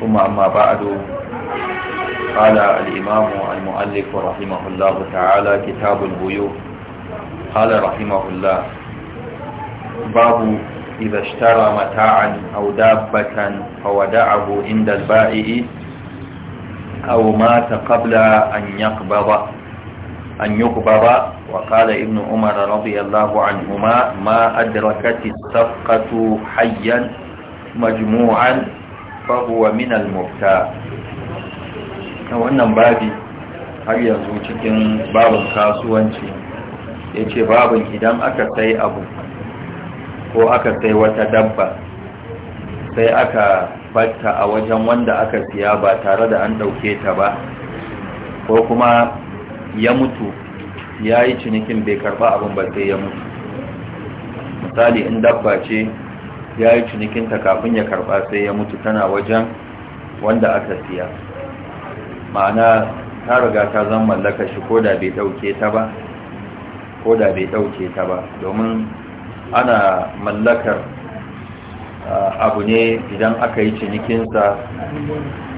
ثم أما بعد قال الإمام المؤلف رحمه الله تعالى كتاب البيوع قال رحمه الله باب إذا اشترى متاعا أو دابة فودعه عند البائع أو مات قبل أن يقبض أن يقبض وقال ابن عمر رضي الله عنهما ما أدركت الصفقة حيا مجموعا fahuwa minal mukta wannan babi har yanzu cikin babin kasuwanci ya ce babin idan aka sai abu ko aka sai wata dabba sai aka batta a wajen wanda aka siya ba tare da an ɗauke ta ba ko kuma ya mutu ya yi cinikin bai karba abin ba sai ya mutu misali in dabba ce ya yi cinikinta kafin ya karba sai ya mutu tana wajen wanda aka siya ma'ana ta riga ta zan mallaka shi ko da bai dauke ta ba ko da bai dauke ta ba domin ana mallakar ah, abu ne idan aka yi cinikinsa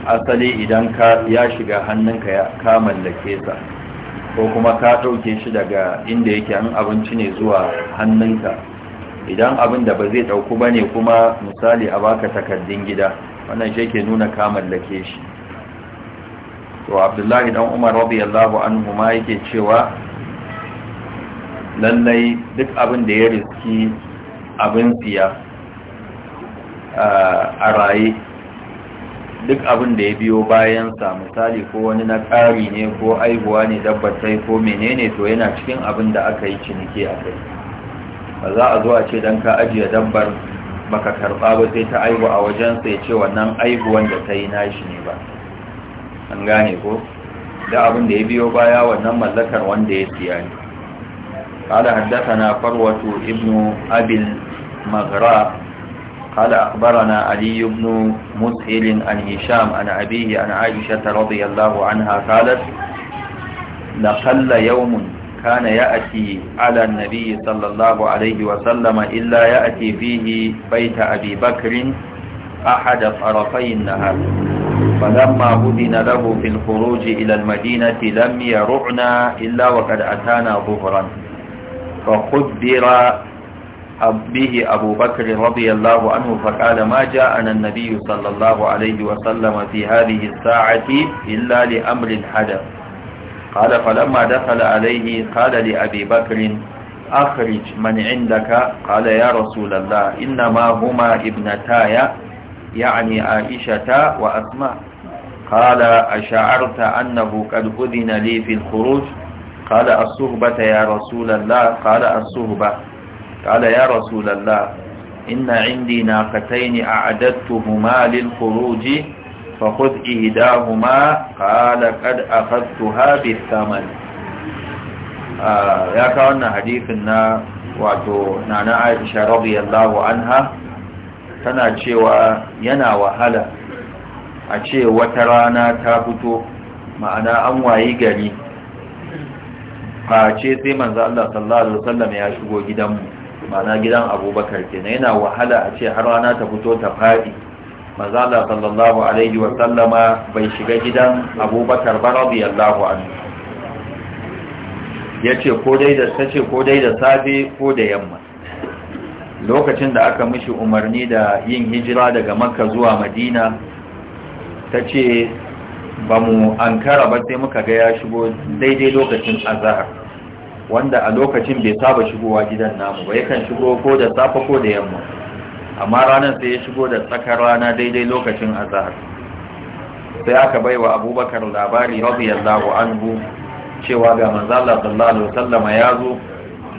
asali idan ka ya shiga hannunka ka mallake sa ko kuma ka dauke shi daga inda yake an abinci ne zuwa hannunka idan abin da ba zai ɗauku ba ne kuma misali a baka takardun gida wannan shi ke nuna kamar lake shi to abdullahi dan umar radiyallahu anhu ma yake cewa lallai duk abin da ya riski abin siya a raye duk abin da ya biyo bayansa misali ko wani na ƙari ne ko aihuwa ne dabbatai ko menene to yana cikin abin da aka yi ciniki a kai za a zuwa ce don ka ajiye dabbar baka karɓa ba sai ta aibu a wajen sai ce wannan aibu wanda ta yi nashi ne ba an gane ko da abin da ya biyo baya wannan mallakar wanda ya siya ne kada haddasa na farwatu ibnu abin magra kada akbara na ali ibnu musilin an hisham an abihi an aisha ta radiyallahu anha kalat da kalla yawmun كان يأتي على النبي صلى الله عليه وسلم إلا يأتي فيه بيت أبي بكر أحد طرفي النهار فلما أذن له في الخروج إلى المدينة لم يرعنا إلا وقد أتانا ظهرا فخبر به أبو بكر رضي الله عنه فقال ما جاءنا النبي صلى الله عليه وسلم في هذه الساعة إلا لأمر حدث قال فلما دخل عليه قال لأبي بكر أخرج من عندك قال يا رسول الله إنما هما ابنتاي يعني عائشة وأسماء قال أشعرت أنه قد أذن لي في الخروج قال الصهبة يا رسول الله قال الصهبة قال يا رسول الله إن عندي ناقتين أعددتهما للخروج فخذ إهداهما قال قد أخذتها بالثمن آه يا كان حديثنا واتو نانا عائشة رضي الله عنها tana cewa yana wahala a ce wata rana ta fito ma'ana an wayi gari face sai manzo Allah sallallahu alaihi wasallam ya shigo gidanmu ma'ana gidan Abubakar kenan yana wahala a ce har rana ta fito ta fadi manzala sallallahu alaihi wa sallama bai shiga gidan abubakar ba radiyallahu anhu yace ko dai da sace ko dai da safe ko da yamma lokacin da aka mishi umarni da yin hijira daga makka zuwa madina tace ba mu ankara ba sai muka ga ya shigo daidai lokacin azhar wanda a lokacin bai saba shigowa gidan namu ba yakan shigo ko da safe ko da yamma amma ranar sai ya shigo da tsakar rana daidai lokacin azahar sai aka bai wa abubakar labari an bu cewa ga manzala sallallahu sallama ya zo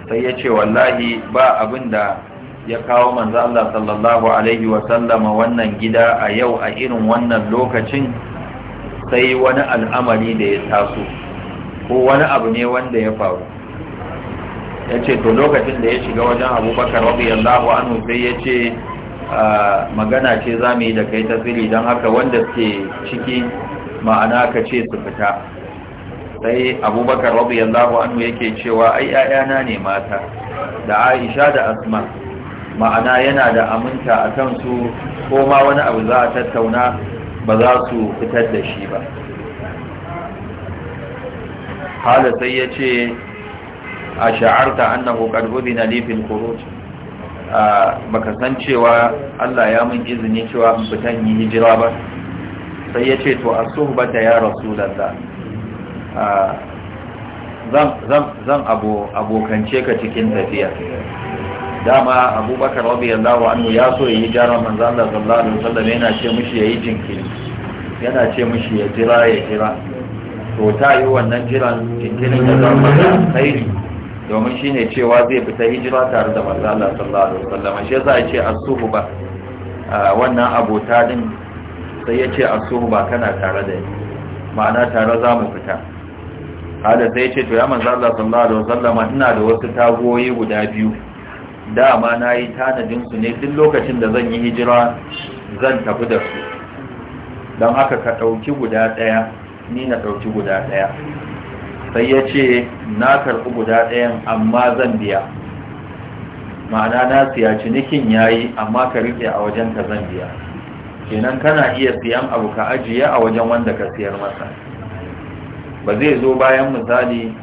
sai ya ce wallahi ba abin da ya kawo manzala sallallahu alaihi wasallama wannan gida a yau a irin wannan lokacin sai wani al'amari da ya taso ko wani abu ne wanda ya faru ya ce to lokacin da ya shiga wajen abubakar radiyallahu anhu sai ya ce magana ce za mu yi da kai ta fili don haka wanda ke ciki ma'ana ka ce su fita sai abubakar rabu yanzu anu yake cewa ai 'ya'yana ne mata da aisha da asma ma'ana yana da aminta a kansu ko ma wani abu za a tattauna ba za su fitar da shi ba hala sai ya ce a sha'arta annahu qad na nufin fil baka san cewa Allah ya mun izini cewa in fitan yi hijira ba sai ya ce to as-suhbata ya rasulanta zan abokance ka cikin tafiya dama abubakar radiyallahu anhu ya so ya yi jaran manzan Allah sallallahu alaihi wasallam yana ce ya yi jinkiri yana ce mushi ya jira ya jira to ta yi wannan jiran jinkirin da zan kai domin shi ne cewa zai fita hijira tare da Allah sallallahu alaihi wasallam shi za ya ce suhu ba. wannan abota din sai ya ce suhu ba kana tare da ni ma'ana tare za mu fita hada sai ya ce to ya Allah sallallahu alaihi wasallam ina da wasu tagoyi guda biyu dama na yi tanadin su ne duk lokacin da zan yi hijira zan tafi da su don haka ka ɗauki guda ɗaya ni na ɗauki guda ɗaya sai ya ce na karɓi guda ɗayan amma zan biya ma'ana na siya cinikin ya yi amma ka riƙe a wajen ka zan biya kenan kana iya siyan abu ka ajiye a wajen wanda ka siyar masa ba zai zo bayan misali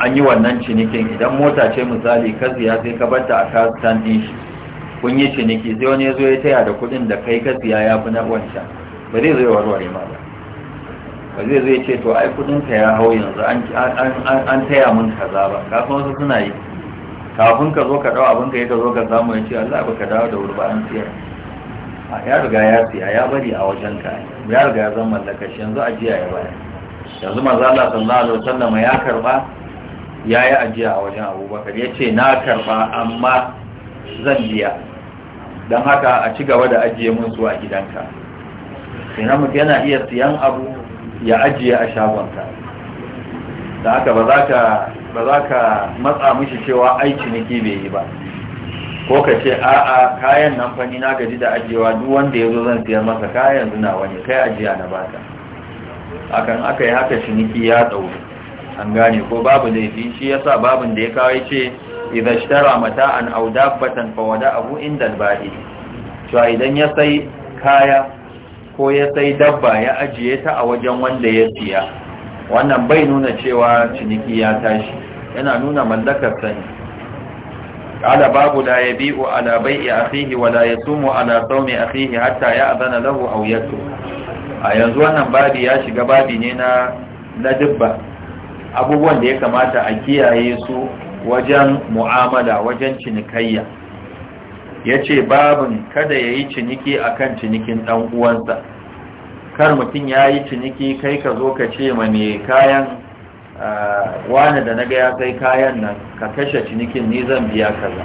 an yi wannan cinikin idan mota ce misali ka siya sai ka batta a kastan ɗin shi kun yi ciniki sai wani ya zo ya taya da kuɗin da kai ka siya ya fi na wancan ba zai zo ya warware ma ba ba zai zai ce to ai kudinka ya hau yanzu an taya mun kaza ba kafin wasu suna yi kafin ka zo ka dawo abin ka yi ka zo ka samu ya ce Allah baka dawo da wuri ba an siyar ya riga ya siya ya bari a wajen ka ya riga ya zama mallaka shi yanzu ajiya ya bayar yanzu manzo Allah sallallahu alaihi wasallam ya karba ya yi ajiya a wajen Abubakar ya ce na karba amma zan biya don haka a ci gaba da ajiye mun a gidanka sai na yana iya siyan abu ya ajiye a shagonsa. da haka ba za ka matsa mishi cewa ai ciniki bai yi ba ko ka ce a'a kayan nan fani na gaji da ajiyewa duk wanda ya zo zan siyar masa kayan zuna wani kai ajiya na baka akan aka yi haka ciniki ya tsawo an gane ko babu laifi shi ya sa babin da ya kawo ce idan tara mata an auda batan fawada abu inda bai to idan ya sai kaya ko ya sai dabba ya ajiye ta a wajen wanda ya siya wannan bai nuna cewa ciniki ya tashi yana nuna mallakar sani babu باب لا يبيع على بيع أخيه ya yasumu ala sawmi akhihi hatta يأذن lahu aw yatu a yanzu wannan babi ya shiga babi ne na na dubba abubuwan da ya kamata a kiyaye su wajen mu'amala wajen cinikayya ya ce babin kada ya yi ciniki a kan cinikin ɗan uwansa kar mutum ya yi ciniki kai ka zo ka ce ma mai kayan wani da naga ya kai kayan nan ka kashe cinikin ni zan biya kaza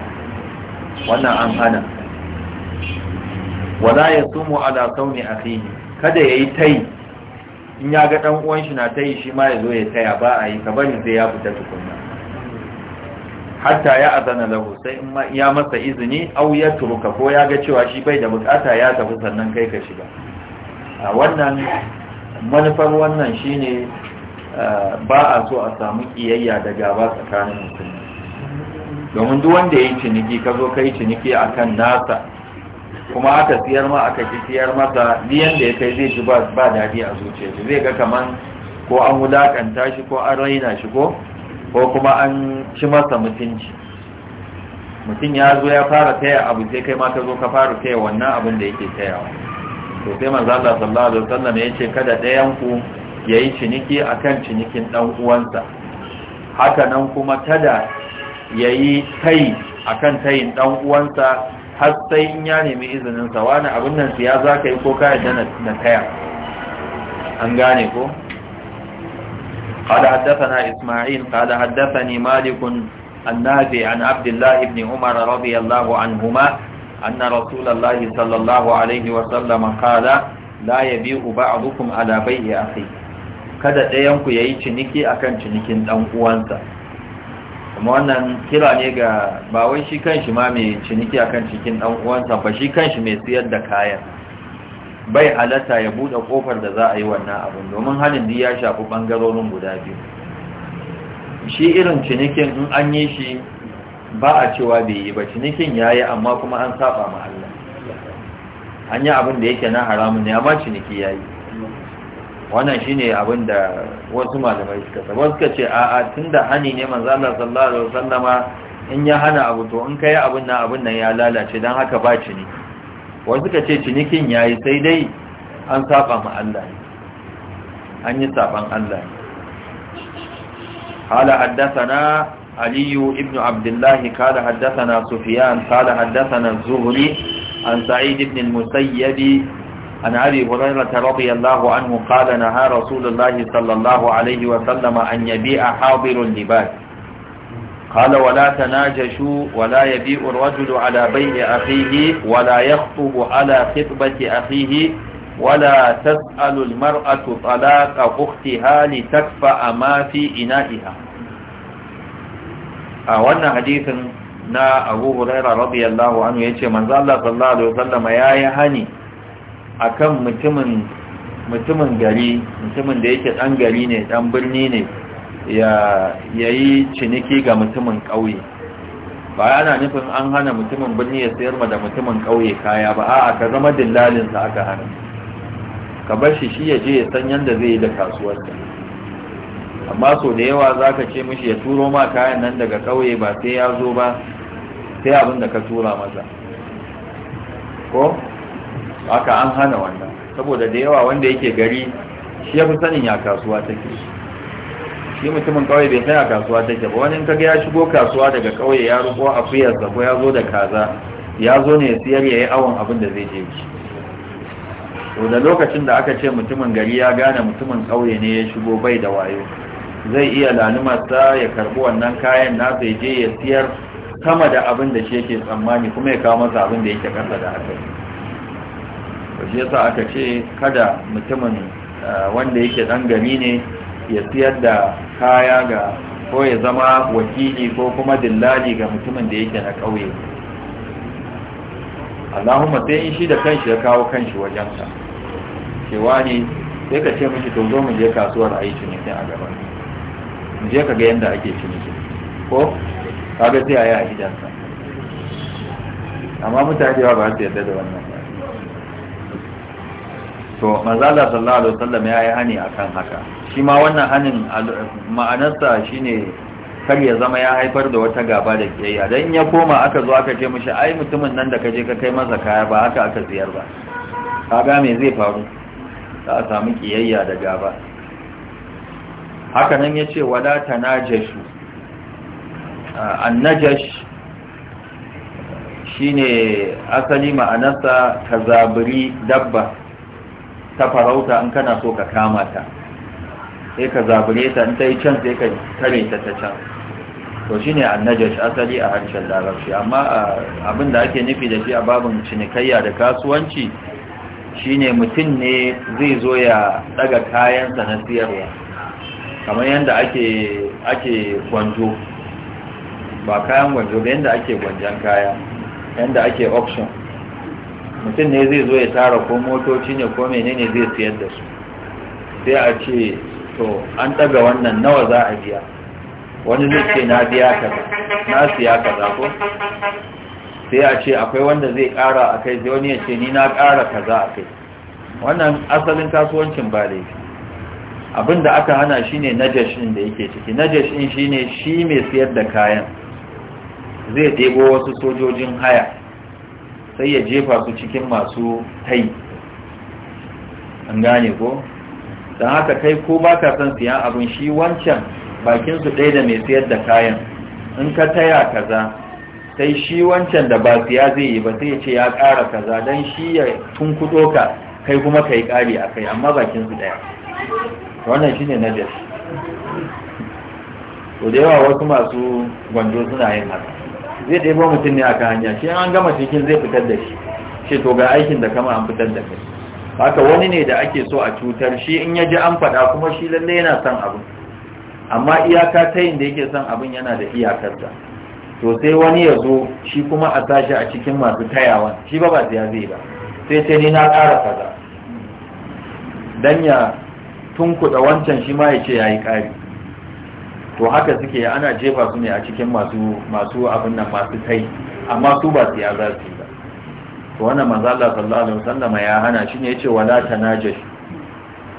wannan an hana wala ya sumu ala sauni akhihi kada yayi tai in ya ga dan uwan shi na tai shi ma ya zo ya taya ba a yi ka bari sai ya fita tukunna hatta ya azana lahu sai in ya masa izini au ya turuka ko ya ga cewa shi bai da bukata ya tafi sannan kai ka shiga a wannan manufar wannan shine ba a so a samu kiyayya da gaba tsakanin musulmi domin duk wanda ya yi ciniki ka zo ka yi ciniki a kan nasa kuma aka siyar ma aka ki siyar masa biyan da ya kai zai ji ba daɗi a zuciya zai ga kaman ko an wulakanta shi ko an raina shi ko ko kuma an ci masa mutunci mutum ya zo ya fara taya abu sai kai ma ka zo ka fara taya wannan abin da yake tayawa to sai manzo Allah sallallahu alaihi wasallam ya ce kada ɗayan ku yi ciniki akan cinikin dan uwansa haka nan kuma kada yayi kai akan tayin dan uwansa har sai in ya nemi izininsa, sa wani abin nan ya zaka yi ko ka na taya an gane ko قال حدثنا إسماعيل قال حدثني مالك an عن عبد الله بن عمر رضي الله عنهما أن رسول الله صلى الله عليه وسلم قال لا يبيع بعضكم على بيع أخيه kada ɗayanku ya yi ciniki a kan cinikin ɗan uwansa kuma wannan kira ne ga ba wai shi kanshi ma mai ciniki a kan cinikin ɗan uwansa ba shi kanshi mai siyar da kayan bai halatta ya buɗe ƙofar da za a yi wannan abin domin halin da ya shafi ɓangarorin guda biyu shi irin cinikin in an yi shi ba a cewa bai yi ba cinikin ya yi amma kuma an saba ma Allah an yi abin da yake na haramun ne amma ciniki ya yi wannan shi ne abin da wasu malamai suka saba suka ce a a tun da hani ne manzana sallallahu alaihi wasallama in ya hana abu to in ka yi abin nan abin nan ya lalace don haka ba ciniki Wasu suka ce cinikin ya yi sai dai an saba ma Allah an yi saban na aliyu ibn abdullahi kada haddasa na sufiyan kada haddasa na Zuhri, an sa'id ibn musayyabi an abi hurairah ta radiyallahu anhu kada na ha rasulullahi sallallahu alaihi wasallama an yabi a haɗirun libas قال ولا تناجشوا ولا يبيع الرجل على بيع أخيه ولا يخطب على خطبة أخيه ولا تسأل المرأة طلاق أختها لتكفأ ما في إنائها أولنا حديث نا أبو هريرة رضي الله عنه يتشي من ذا الله صلى الله عليه وسلم يا يهني أكم متمن mutumin gari mutumin da yake dan gari ne dan birni ne ya yi ciniki ga mutumin ƙauye ba ana nufin an hana mutumin birni ya sayar ma da mutumin ƙauye kaya ba a'a ka zama dillalinsa aka hana ka bar shi shi ya je ya san yadda zai yi da kasuwarsa amma so da yawa za ka ce mishi ya turo ma kayan nan daga ƙauye ba sai ya zo ba sai abin da ka tura masa ko aka an hana wannan saboda da yawa wanda yake gari shi ya fi sanin ya kasuwa take shi shi mutumin ƙauye bai san a kasuwa take ba wani kaga ya shigo kasuwa daga kauye ya ruko akuyarsa ko ya zo da kaza ya zo ne ya siyar ya yi awon abin da zai je shi to da lokacin da aka ce mutumin gari ya gane mutumin kauye ne ya shigo bai da wayo zai iya sa ya karbi wannan kayan nasa ya je ya siyar sama da abin da shi yake tsammani kuma ya kawo masa abin da yake kasa da haka shi yasa aka ce kada mutumin eh, wanda yake dan gari ne ya siyar da kaya ga ko ya zama wakili ko kuma dillali ga mutumin da yake na ƙauye Allahumma sai in shi da kanshi ya kawo kanshi wajensa cewa ne sai ka ce miki to zo mu je kasuwar a yi ciniki a gaban mu je ka ga yadda ake ciniki ko kaga sai a yi a gidansa amma mutane ba su yarda da wannan to manzala sallallahu alaihi wasallam ya yi hani akan haka shi ma wannan hanin ma'anarsa shine kar ya zama ya haifar da wata gaba da kiyayya dan ya koma aka zo aka ce mishi ai mutumin nan da ka je ka kai masa kaya ba haka aka ziyar ba kaga me zai faru za a samu kiyayya da gaba haka nan yace wala tanajashu annajash shine asali ma'anarsa ka zabiri dabba ta farauta in kana so ka kama ta sai ka zabure ta in ta yi can sai ka kare ta ta can to shi ne annajash asali a harshen larabci amma abin da ake nufi da shi a babin cinikayya da kasuwanci shine mutum ne zai zo ya daga kayansa na siyarwa kamar yadda ake ake gwanjo ba kayan gwanjo ba yadda ake gwanjan kaya yadda ake auction mutum ne zai zo ya tara ko motoci ne ko menene zai siyar da su sai a ce to an ɗaga wannan nawa za a biya wani zai ce na biya kaza na siya kaza ko sai a ce akwai wanda zai ƙara a kai sai wani ya ce ni na ƙara kaza a kai wannan asalin kasuwancin ba yake abin da aka hana shi ne najashin da yake ciki najashin shi ne shi mai siyar da kayan zai ɗebo wasu sojojin haya sai ya jefa su cikin masu tai an gane ko don haka kai ko ba ka san siyan abin shi wancan bakinsu ɗaya da mai siyar da kayan in ka taya kaza sai shi wancan da ba siya zai yi ba sai ya ce ya ƙara kaza don shi ya tunkuɗo ka kai kuma ka yi ƙari a kai amma bakinsu ɗaya wannan shi ne na jashi ko da yawa wasu masu gwanjo suna yin haka zai ɗebo mutum ne aka hanya shi an gama cikin zai fitar da shi shi to ga aikin da kama an fitar da kai haka wani ne da ake so a cutar shi in ya ji an faɗa kuma shi lalle yana son abin amma iyaka ta yin da yake son abin yana da iyakarsa to sai wani ya zo shi kuma a tashi a cikin masu tayawa shi ba ba ya zai ba sai sai ni na ƙara kaza dan ya tunkuɗa wancan shi ma ya ce ya yi ƙari to haka suke ana jefa su ne a cikin masu masu abin nan masu sai amma su ba su ya za su ba to wannan manzo Allah sallallahu alaihi wasallam ya hana shi ne yace wala tanajish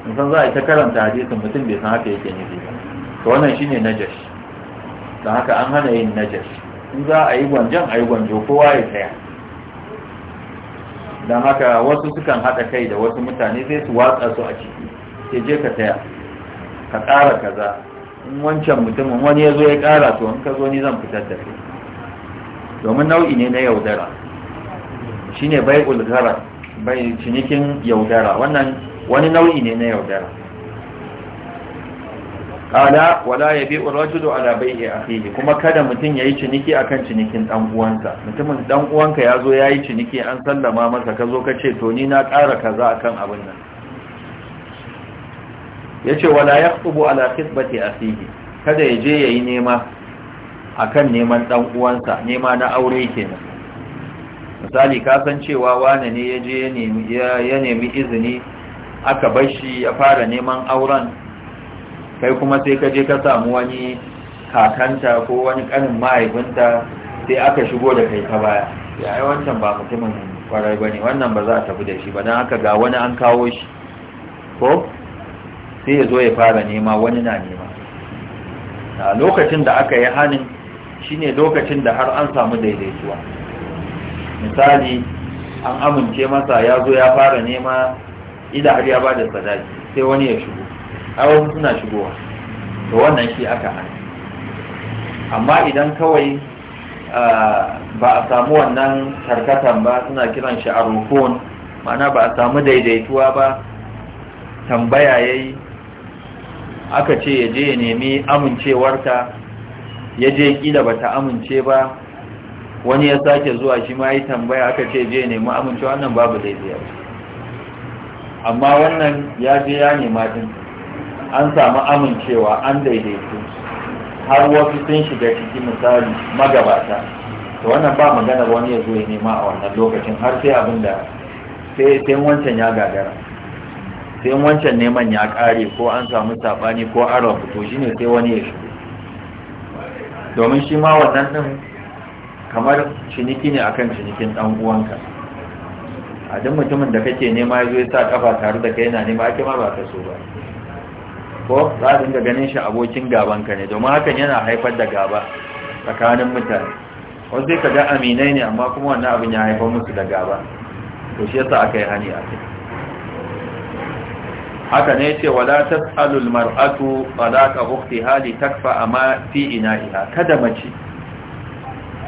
in san za a ta karanta hadisin mutum bai san haka yake ne ba to wannan shine najash dan haka an hana yin najash in za a yi gwanjan a yi gwanjo kowa ya tsaya dan haka wasu sukan haɗa kai da wasu mutane sai su watsa su a ciki sai je ka tsaya ka ƙara kaza in wancan mutumin wani ya zo ya ƙara to in ka zo ni zan fitar da kai domin nau'i ne na yaudara shi ne bai ulgara bai cinikin yaudara wannan wani nau'i ne na yaudara Ƙada wala ya bi urajulu ala a akhihi kuma kada mutum ya yi ciniki akan cinikin dan uwansa mutumin dan uwanka ya zo ya yi ciniki an sallama masa ka zo ka ce to ni na ƙara kaza akan abin nan yace wala yaqtubu ala a akhihi kada ya je yayi nema akan neman dan uwansa nema na aure kenan misali ka san cewa wane ne ya je ya nemi izini aka bar shi ya fara neman auren kai kuma sai ka je ka samu wani kakanta ko wani kanin mahaifinta sai aka shigo da kai ta baya yayi wancan ba mutumin kwarai bane wannan ba za a tafi da shi ba dan haka ga wani an kawo shi ko sai ya zo ya fara nema wani na nema a lokacin da aka yi hannun ne lokacin da har an samu daidaituwa misali an amince masa ya zo ya fara nema ida har ya ba sadaki sai wani ya shigo a suna shigowa da wannan shi aka hannun amma idan kawai ba a samu wannan karkatan ba suna kiran shi a rufon ma'ana ba a samu daidaituwa ba tambaya yayi aka ce ya je ya nemi amincewarta ya je kila ba ta amince ba wani ya sake zuwa shi ma yi tambaya aka ce je ya nemi amincewa wannan babu daidai amma wannan ya je ya nema din an samu amincewa an daidaitu har wasu sun shiga ciki misali magabata ta wannan ba magana wani ya zo ya nema a wannan lokacin har sai abin da sai wancan ya gagara sai wancan neman ya kare ko an samu sabani ko an rabu to shine sai wani ya shigo domin shi ma wannan din kamar ciniki ne akan cinikin dan uwanka a duk mutumin da kake nema ya zo ya sa kafa tare da kai yana nema ake ma ba ka so ba ko za a dinga ganin shi abokin gaban ka ne domin hakan yana haifar da gaba tsakanin mutane wasu zai ka ga aminai ne amma kuma wannan abin ya haifar musu da gaba to shi yasa aka yi hani a kai haka ne yace wala ba za talaqa ukhtiha hali takfa ma fi iya. kada mace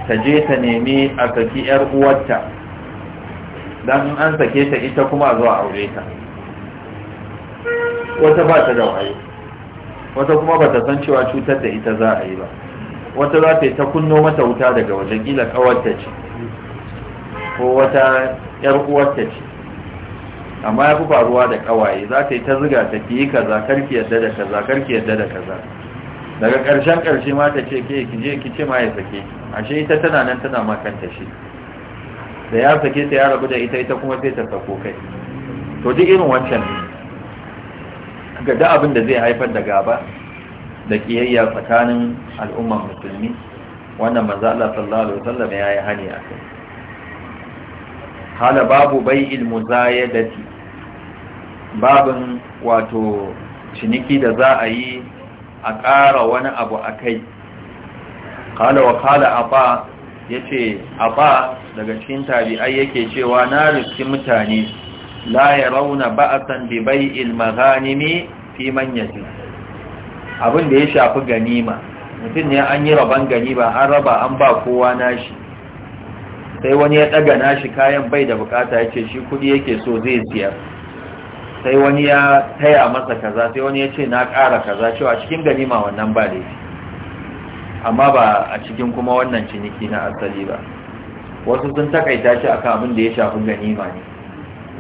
ta je ta nemi a saki yar uwarta dan an sake ta ita kuma zuwa aure ta wata ba ta da waye wata kuma ba ta san cewa cutar da ita za a yi ba wata za ta yi ta kunno mata wuta daga wajen gila kawarta ce ko wata yar uwarta ce amma ya fi faruwa da kawaye za ka yi ta ziga ta ki yi kaza karki yadda da kaza karki yadda da kaza daga ƙarshen ƙarshe ma ta ce ke ki je ki ce ma ya sake ashe ita tana nan tana kanta shi da ya sake ta ya rabu da ita ita kuma sai ta sako kai to duk irin wancan ga da abin da zai haifar da gaba da kiyayya tsakanin al'ummar musulmi wannan manzo Allah sallallahu alaihi wasallam ya yi hani akai hala babu bai'il muzayadati babin wato ciniki da za a yi a ƙara wani abu a kai kala wa kala abba ya ce abba daga cikin tabi'ai yake cewa na riski mutane la ya rauna ba ba'asan bi bai'il maghanimi fi manyaji abin da ya shafi ganima mutum ne an yi raban ba, an raba an ba kowa nashi sai wani ya ɗaga nashi kayan bai da bukata ya ce shi kudi yake so zai siyar sai wani ya taya masa kaza sai wani ya ce na ƙara kaza cewa cikin ganima wannan ba laifi amma ba a cikin kuma wannan ciniki na asali ba wasu sun takaita shi akan abin da ya shafi ganima ne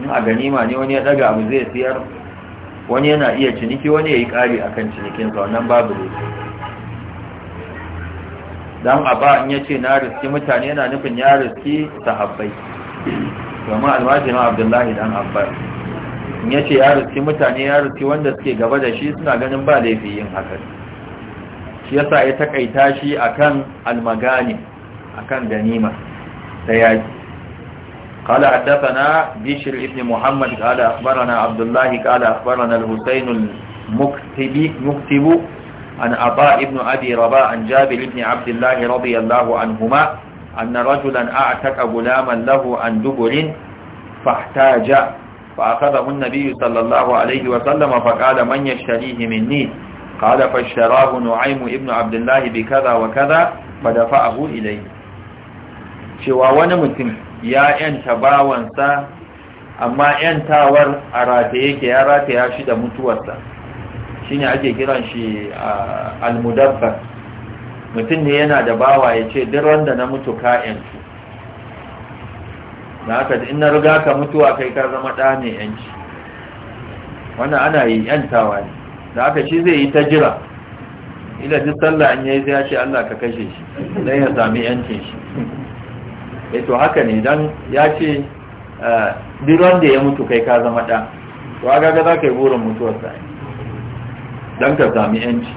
in a ganima ne wani ya daga abu zai siyar wani yana iya ciniki wani ya yi ƙari akan cinikinsa wannan babu laifi don a ba in ya ce na riski mutane yana nufin ya riski sahabbai domin na abdullahi dan abbas in ya ce yaruki mutane yaruki wanda suke gaba da shi suna ganin ba laifi yin haka shi ya takaita shi akan almagani akan ganima ta yaki kala haddafana bishir ibn muhammad kala akbarana abdullahi kala akbarana al-husainu muktibu an aba ibn abi raba an jabir ibn abdullahi radiyallahu anhuma an rajulan a'taka gulaman lahu an duburin fahtaja فأخذه النبي صلى الله عليه وسلم فقال من يشتريه مني قال فاشتراه نعيم ابن عبد الله بكذا وكذا فدفعه إليه cewa wani mutum ya yanta bawansa amma tawar a rataye yake ya rataya shi da mutuwarsa shine ake kiran shi almudabbar mutum ne yana da bawa ya ce duk wanda na mutu ka yantu da haka in na riga ka mutuwa kai ka zama ɗa ne yanci wannan ana yi yantawa ne da haka shi zai yi ta jira ila duk sallah an yayi sai ya ce Allah ka kashe shi dan ya sami yancin shi eh to haka ne dan ya ce eh, duk wanda ya mutu kai ka zama ɗa to aga ga ka yi burin mutuwar sa dan ka sami yanci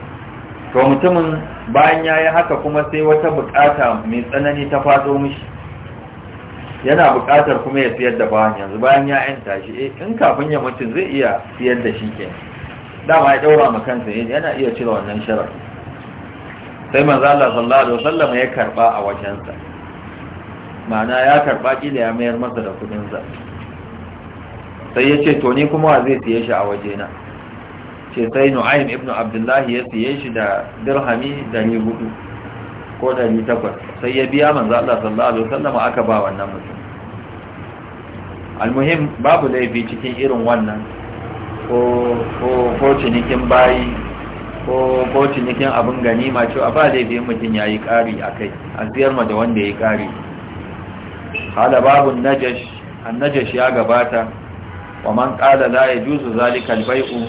to mutumin bayan ya yi haka kuma sai wata bukata mai tsanani ta fado mishi yana buƙatar kuma ya siyar da bawan yanzu bayan ya yanta shi eh, in kafin ya mutu zai iya siyar da shi ke dama ya ɗaura ma kansa eh, yana iya cire wannan sharar sai manzo Allah sallallahu alaihi wasallam ya karba a wajensa ma'ana ya karba kila ya mayar masa da kudin sa sai ya ce to ni kuma zai siye shi a wajena ce sai Nu'aym ibn Abdullah ya siye shi da dirhami 400 ko takwas, sai ya biya manzo Allah sallallahu alaihi wasallam aka ba wannan mutum almuhim babu laifi cikin irin wannan ko cinikin bayi ko cinikin abin gani ma cewa ba laifin mutum ya yi ƙari a kai a ziyarma da wanda ya yi ƙari hada babu najash ya gabata wa man ƙada la ya juzu zalikal bai'u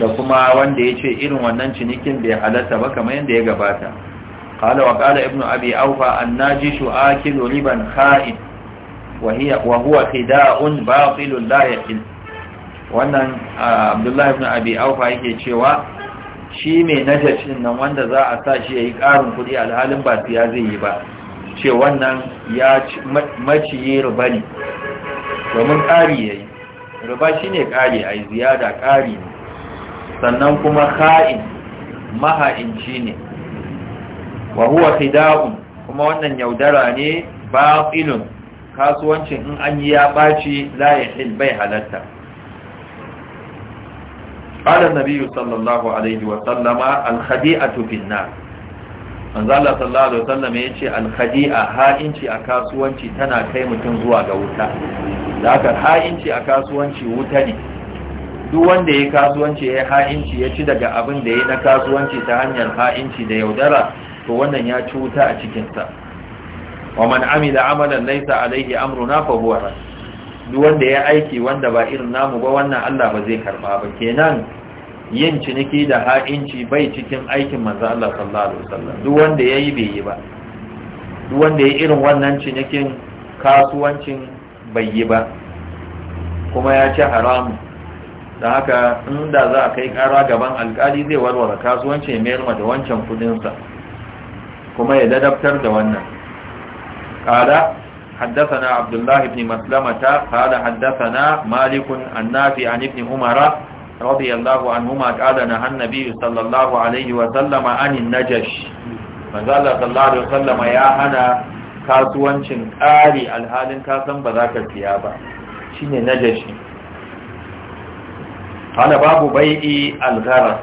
da kuma wanda ya ce irin wannan cinikin bai halatta ba kamar yadda ya gabata قال wa ابن ibnu abi aufa an najishu akilu wahuwa huwa khida'un batilun la wannan Abdullahi ibn Abi Aufa yake cewa shi mai najashin nan wanda za a sa shi yayi karin kudi alhalin ba ya zai yi ba ce wannan ya maciye riba ne domin ƙari yayi riba shine ƙari ai ziyada ƙari ne sannan kuma ka'in maha'inci ne Wahuwa huwa kuma wannan yaudara ne batilun kasuwancin in an yi ya ɓaci layin ya bai halatta ƙalar nabiyu sallallahu alaihi wasallama alhadi'atu fin nar manzala sallallahu alaihi wasallam ya ce alhadi'a ha'inci a kasuwanci tana kai mutum zuwa ga wuta da haka ha'inci a kasuwanci wuta ne duk wanda ya kasuwanci ya ha'inci ya ci daga abin da ya na kasuwanci ta hanyar ha'inci da yaudara to wannan ya ci wuta a cikinsa wa man amila amalan laysa alayhi amruna fa huwa rad duk wanda ya aiki wanda ba irin namu ba wannan Allah ba zai karba ba kenan yin ciniki da ha'inci bai cikin aikin manzo Allah sallallahu alaihi wasallam duk wanda yayi bai yi ba duk wanda ya irin wannan cinikin kasuwancin bai yi ba kuma ya ci haramu da haka inda za a kai kara gaban alkali zai warware kasuwanci mai da wancan kudinsa kuma ya dadaftar da wannan قال حدثنا عبد الله بن مسلمة قال حدثنا مالك النافع عن ابن عمر رضي الله عنهما قال نهى النبي صلى الله عليه وسلم عن النجش فقال صلى الله عليه وسلم يا هنا kasuwancin ƙari alhalin kasan ba za ka siya ba shi ne na jashi hana babu bai'i algara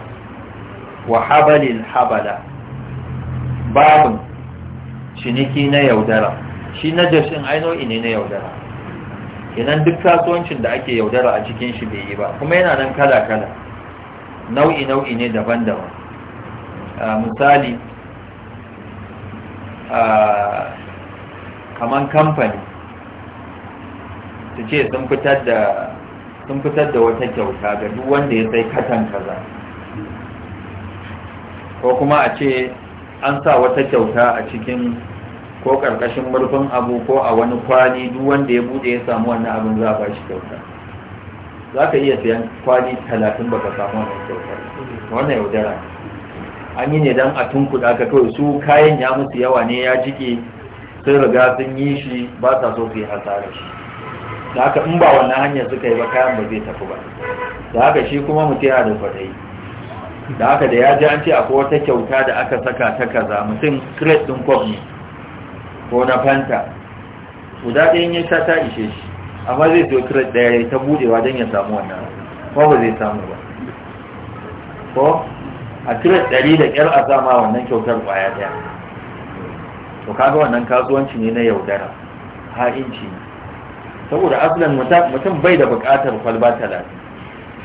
wa habalin habala babin ciniki na yaudara shi na jashin ainihi ne na yaudara kenan duk kasuwancin da ake yaudara a cikin shi bai yi ba kuma yana nan kala-kala nau'i-nau'i ne daban-daban ah, misali ah, kaman kamfani su ce fitar da sun fitar da wata kyauta ga duk wanda ya sai katan kaza ko kuma a ce an sa wata kyauta a cikin ko karkashin murfin abu ko a wani kwali duk wanda ya bude ya samu wannan abin za a shi kyauta za ka iya sayan kwali talatin baka samu wannan kyautar wannan yaudara an yi ne don a tunkuɗa ka kawai su kayan ya musu yawa ne ya jike sun riga sun yi shi ba sa so su yi hasara shi da haka in ba wannan hanyar suka yi ba kayan ba zai tafi ba da haka shi kuma mutum yana da faɗai. da haka da ya ji an ce akwai wata kyauta da aka saka ta kaza mutum kiret ɗin kwab ne ko na fanta guda ɗayan ya sha ta ishe shi amma zai zo kiret ɗaya ya ta budewa don ya samu wannan ko ba zai samu ba ko a kiret ɗari da ƙyar a zama wannan kyautar ƙwaya ɗaya to kaga wannan kasuwanci ne na yaudara ha'inci ne saboda asalin mutum bai da buƙatar kwalba talatin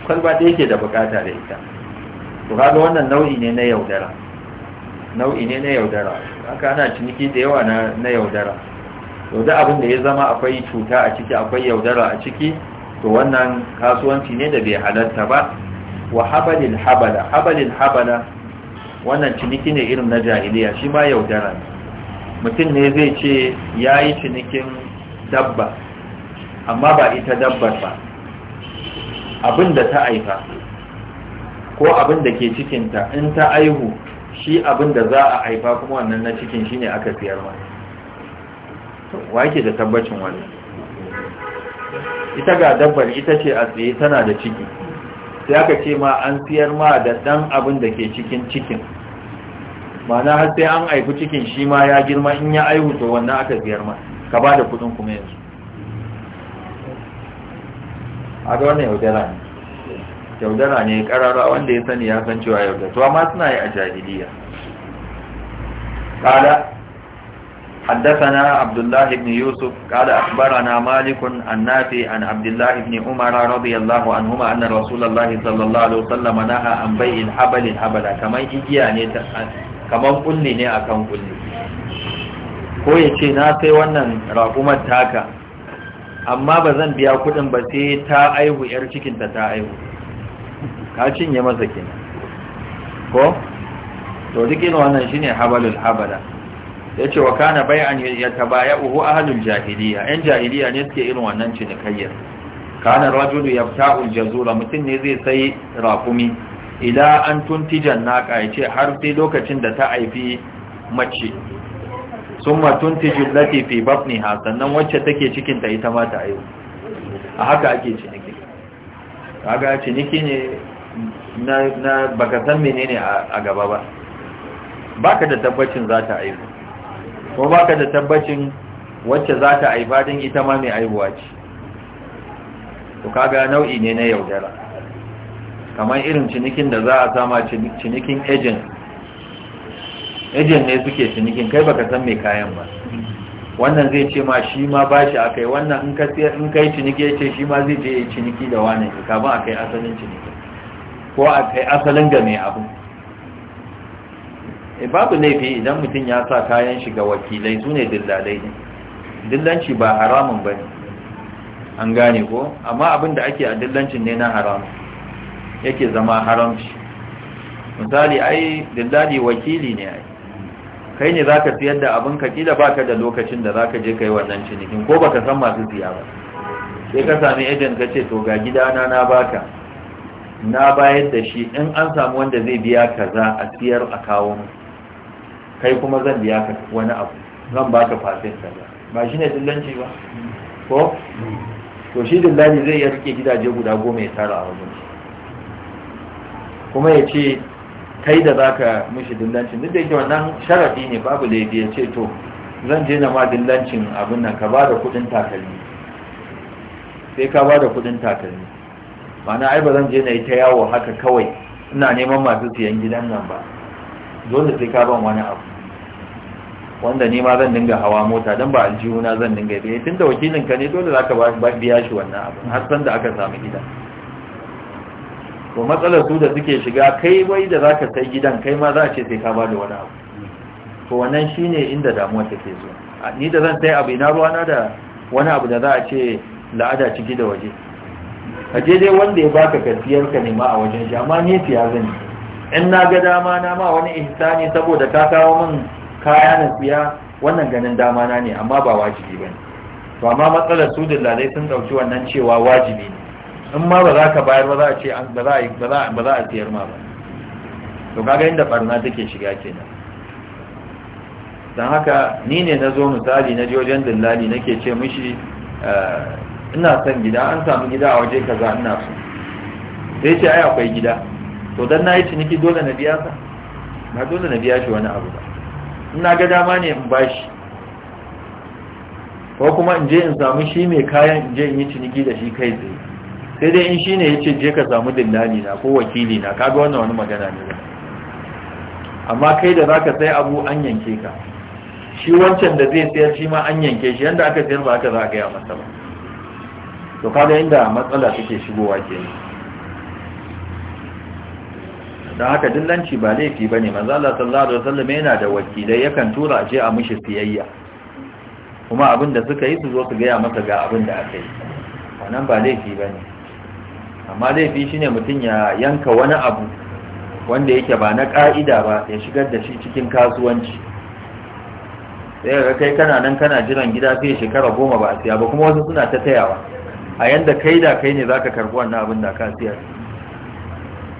kwalba ɗaya ke da buƙata da ita to kaga wannan nau'i ne na yaudara nau'i ne na yaudara haka ana ciniki da yawa na yaudara da abin da ya zama akwai cuta a ciki akwai yaudara a ciki to wannan kasuwanci ne da bai halarta ba wa habalil habala habalil habala wannan ciniki ne irin na jahiliya shi ma yaudara ne mutum ne zai ce ya yi cinikin dabba amma ba ita dabbar ba abin da ta aifa ko abin da ke cikinta in ta aihu shi abin da za a haifa kuma wannan na cikin shine aka siyar ma wake da tabbacin wannan ita ga dabbar ita ce a tsaye tana da ciki sai aka ce ma an siyar ma da dan abin da ke cikin cikin mana har sai an haifi cikin shi ma ya girma in ya aihu to wannan aka siyar ma ka ba da kuɗin kuma yanzu a ga wannan yaudara ne yaudara ne ƙararra wanda ya sani ya san cewa yaudara to amma suna yi a jahiliya Ƙada حدثنا عبد الله بن يوسف an أخبرنا مالك عن نافع عن عبد الله بن عمر رضي الله عنهما أن رسول الله صلى الله عليه وسلم نهى عن بيع الحبل الحبل كما إجياني كما kulli ko yace na sai wannan raƙumar taka amma bazan biya kuɗin ba sai ta aihu yar cikinta ta ta aihu ka cinye masa kenan ko to duk wannan shine habalul habala yace wa kana bai'an yatabaya'uhu ahlul jahiliya yan jahiliya ne suke irin wannan cinikayyar kana rajulu yabta'u aljazura mutun ne zai sai rafumi ila an tuntijan naka yace har sai lokacin da ta aifi mace summa tuntiju allati fi batniha sannan wacce take cikin ta ita ma ta aiwo a haka ake ciniki kaga ciniki ne na baka san menene a gaba ba baka da tabbacin za ta aihu ko baka da tabbacin wacce za ta aifa din ita ma mai aihuwa ce to kaga nau'i ne na yaudara kamar irin cinikin da za a sama cinikin agent agent ne suke cinikin kai baka san mai kayan ba wannan zai ce ma shi ma ba shi akai wannan in kai ciniki ya ce shi ma zai je ciniki da wane kafin akai asalin ciniki ko a kai asalin ga mai abu eh, babu laifi idan mutum ya sa kayan shiga wakilai su ne dillalai ne dillanci ba haramun ba ne an gane ko amma abin da ake a dillancin ne na haram yake zama haramci misali ai dillali wakili ne ai kai ne za ka siyar da abin kila ba ka da lokacin da za ka je ka yi wannan cinikin ko ba ka san masu siya ba sai ka sami ejen ka ce to ga gidana na baka na bayar da shi in an samu wanda zai biya kaza a siyar a kawo kai kuma zan biya ka wani abu zan ba ka fasin kaza ba shi ne dillanci ba ko to shi dillani zai iya rike gidaje guda goma ya tara a wajen shi kuma ya ce kai da zaka mishi dillancin duk da yake wannan sharafi ne babu laifi ya ce to zan je na ma dillancin abin nan ka ba da kudin takalmi sai ka ba da kudin takalmi ma'ana ai ba zan je na yi ta yawo haka kawai ina neman masu siyan gidan nan ba dole sai ka ban wani abu wanda ni ma zan dinga hawa mota don ba aljihuna zan dinga biya tun da wakilin ka ne dole za ka biya shi wannan abu har san da aka samu gidan to matsalar su da suke shiga kai wai da za ka sai gidan kai ma za a ce sai ka ba da wani abu to wannan shi ne inda damuwa take zuwa ni da zan sai abu ina ruwana da wani abu da za a ce la'ada ciki da waje ka je dai wanda ya baka gajiyar ka nema a wajen shi amma ni siya zan in na ga dama na ma wani ihsani saboda ka kawo min kaya na siya wannan ganin dama na ne amma ba wajibi bane to amma matsalar su dillalai sun dauki wannan cewa wajibi ne in ma ba za ka bayar ba za a ce ba za a siyar ma ba to kaga inda barna take shiga kenan don haka ni ne nazo misali na jojen dillali nake ce mishi eh, ina son gida an samu gida a waje kaza ina so sai ce ai akwai gida to dan na yi ciniki dole na biya sa na dole na biya shi wani abu ba ina ga dama ne in bashi ko kuma in je in samu shi mai kayan in je in yi ciniki da shi kai tsaye sai dai in shi ne ya ce je ka samu dillali na ko wakili na kaga wannan wani magana ne ba amma kai da zaka sai abu an yanke ka shi wancan da zai sayar shi ma an yanke shi yanda aka sayar ba aka za a gaya masa ba to kada inda matsala take shigowa ne. Don haka dillanci ba laifi bane manzo Allah sallallahu alaihi wasallam yana da wakilai yakan tura aje a mishi siyayya kuma abin suka yi su zo su gaya masa ga abin da aka yi wannan ba laifi bane amma laifi shine mutum ya yanka wani abu wanda yake ba na ka'ida ba ya shigar da shi cikin kasuwanci sai ga kai kana nan kana jiran gida sai shekara goma ba a siya ba kuma wasu suna ta tayawa a yanda kai da kai ne zaka karbi wannan abin da ka siyar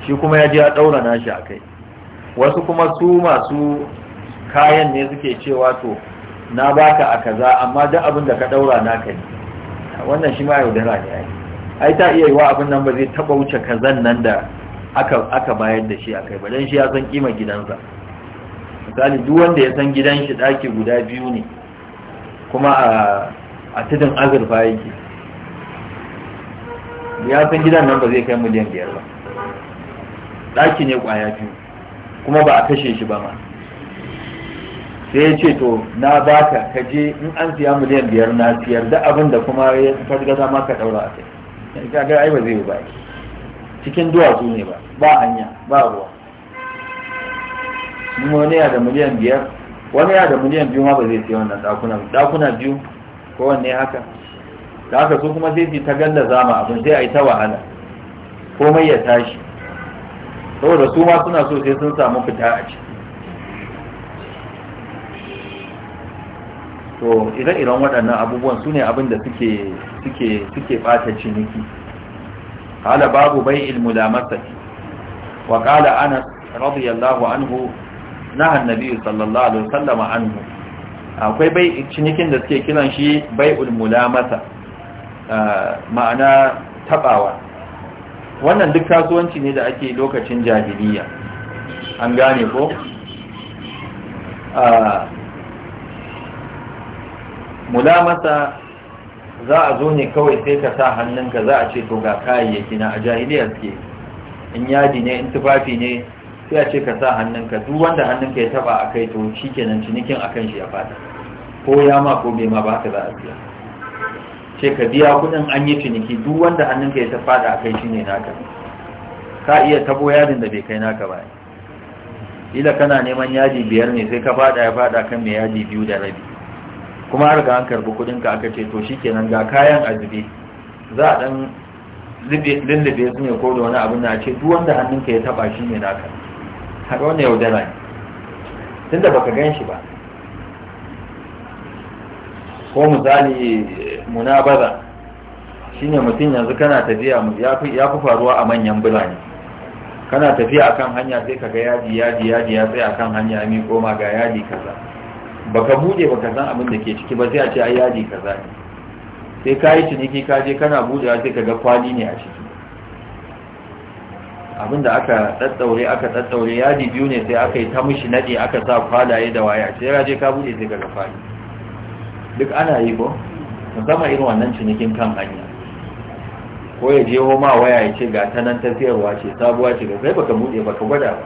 shi kuma ya je ya daura nashi akai wasu kuma su masu kayan ne suke cewa to na baka a kaza amma duk abin da ka daura na ne wannan shi ma yaudara ne ai ai ta iya yiwa abin nan ba zai taba wuce kazan nan da aka bayar da shi akai ba dan shi ya san kima gidansa misali duk wanda ya san gidan shi daki guda biyu ne kuma a a tudun azurfa yake ya san gidan nan ba zai kai miliyan biyar ba ɗaki ne ƙwaya biyu kuma ba a kashe shi ba ma sai ya ce to na baka ka je in an siya miliyan biyar na siyar da abin da kuma ya farga dama ka ɗaura a kai ya ga ai ba zai yi ba cikin duwatsu ne ba ba hanya ba ruwa wani ya da miliyan biyar wani ya da miliyan biyu ma ba zai siya wannan ɗakuna ɗakuna biyu ko wanne haka da haka su kuma sai ta galla zama abin sai a yi ta wahala komai ya tashi saboda su ma suna so sai sun samu fita a ciki to ire-iren waɗannan abubuwan su ne abin da suke suke suke ɓata ciniki قال باب بيع الملامسة وقال أنس رضي الله عنه نهى النبي صلى الله عليه وسلم عنه akwai bai cinikin da suke kiran shi bai'ul mulamata ma'ana taɓawa. wannan duk kasuwanci ne da ake lokacin jahiliya an gane ko mulamasa za a zo ne kawai sai ka sa hannunka za a ce to ga kayayyaki na a jahiliya suke in yadi ne in tufafi ne sai a ce ka sa hannunka duk wanda hannunka ya taɓa a kai to shi kenan cinikin akan shi ya fata, ko ya ma ko bai ma ba ka za a biya ce ka biya kudin an yi ciniki duk wanda hannunka ya ta fada a kai shine naka ka iya tabo yadin da bai kai naka ba ila kana neman yaji biyar ne sai ka fada ya fada kan mai yaji biyu da rabi kuma har ga an karbi kudin ka aka ce to shikenan ga kayan azubi za a dan lullube su ne ko da wani abin na ce duk wanda hannunka ya taba shine naka har wani yaudara ne tunda baka gan shi ba ko misali munabaza shine mutum yanzu kana tafiya ya fi faruwa a manyan birane kana tafiya akan hanya sai kaga yaji yaji yaji ya a akan hanya mai koma ga yaji kaza baka bude baka san abin da ke ciki ba sai a ce ai yaji kaza ne sai ka yi ciniki ka je kana ya sai kaga kwali ne a ciki abin da aka tsattsaure aka tsattsaure yaji biyu ne sai aka yi ta mushi naɗe aka sa kwalaye da waya sai ka je ka bude sai kaga kwali duk ana yi ba zama irin wannan cinikin kan hanya ko ya je ma waya ya ce ga ta nan ta ce sabuwa ce sai baka buɗe baka gwada ba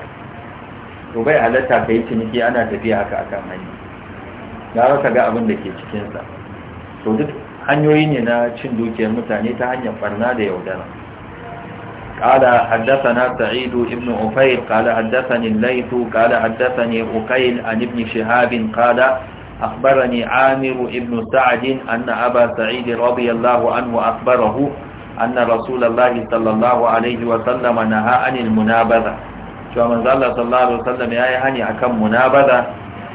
to bai halatta ka yi ciniki ana tafiya haka akan hanya gara ka ga abin da ke cikinsa to duk hanyoyi ne na cin dukiyar mutane ta hanyar barna da yaudara قال حدثنا سعيد بن عفير قال حدثني الليث قال حدثني أقيل عن ابن شهاب قال أخبرني عامر بن سعد أن أبا سعيد رضي الله عنه أخبره أن رسول الله صلى الله عليه وسلم نهى عن المنابذة شو من ذال صلى الله عليه وسلم يا يهني أكم منابذة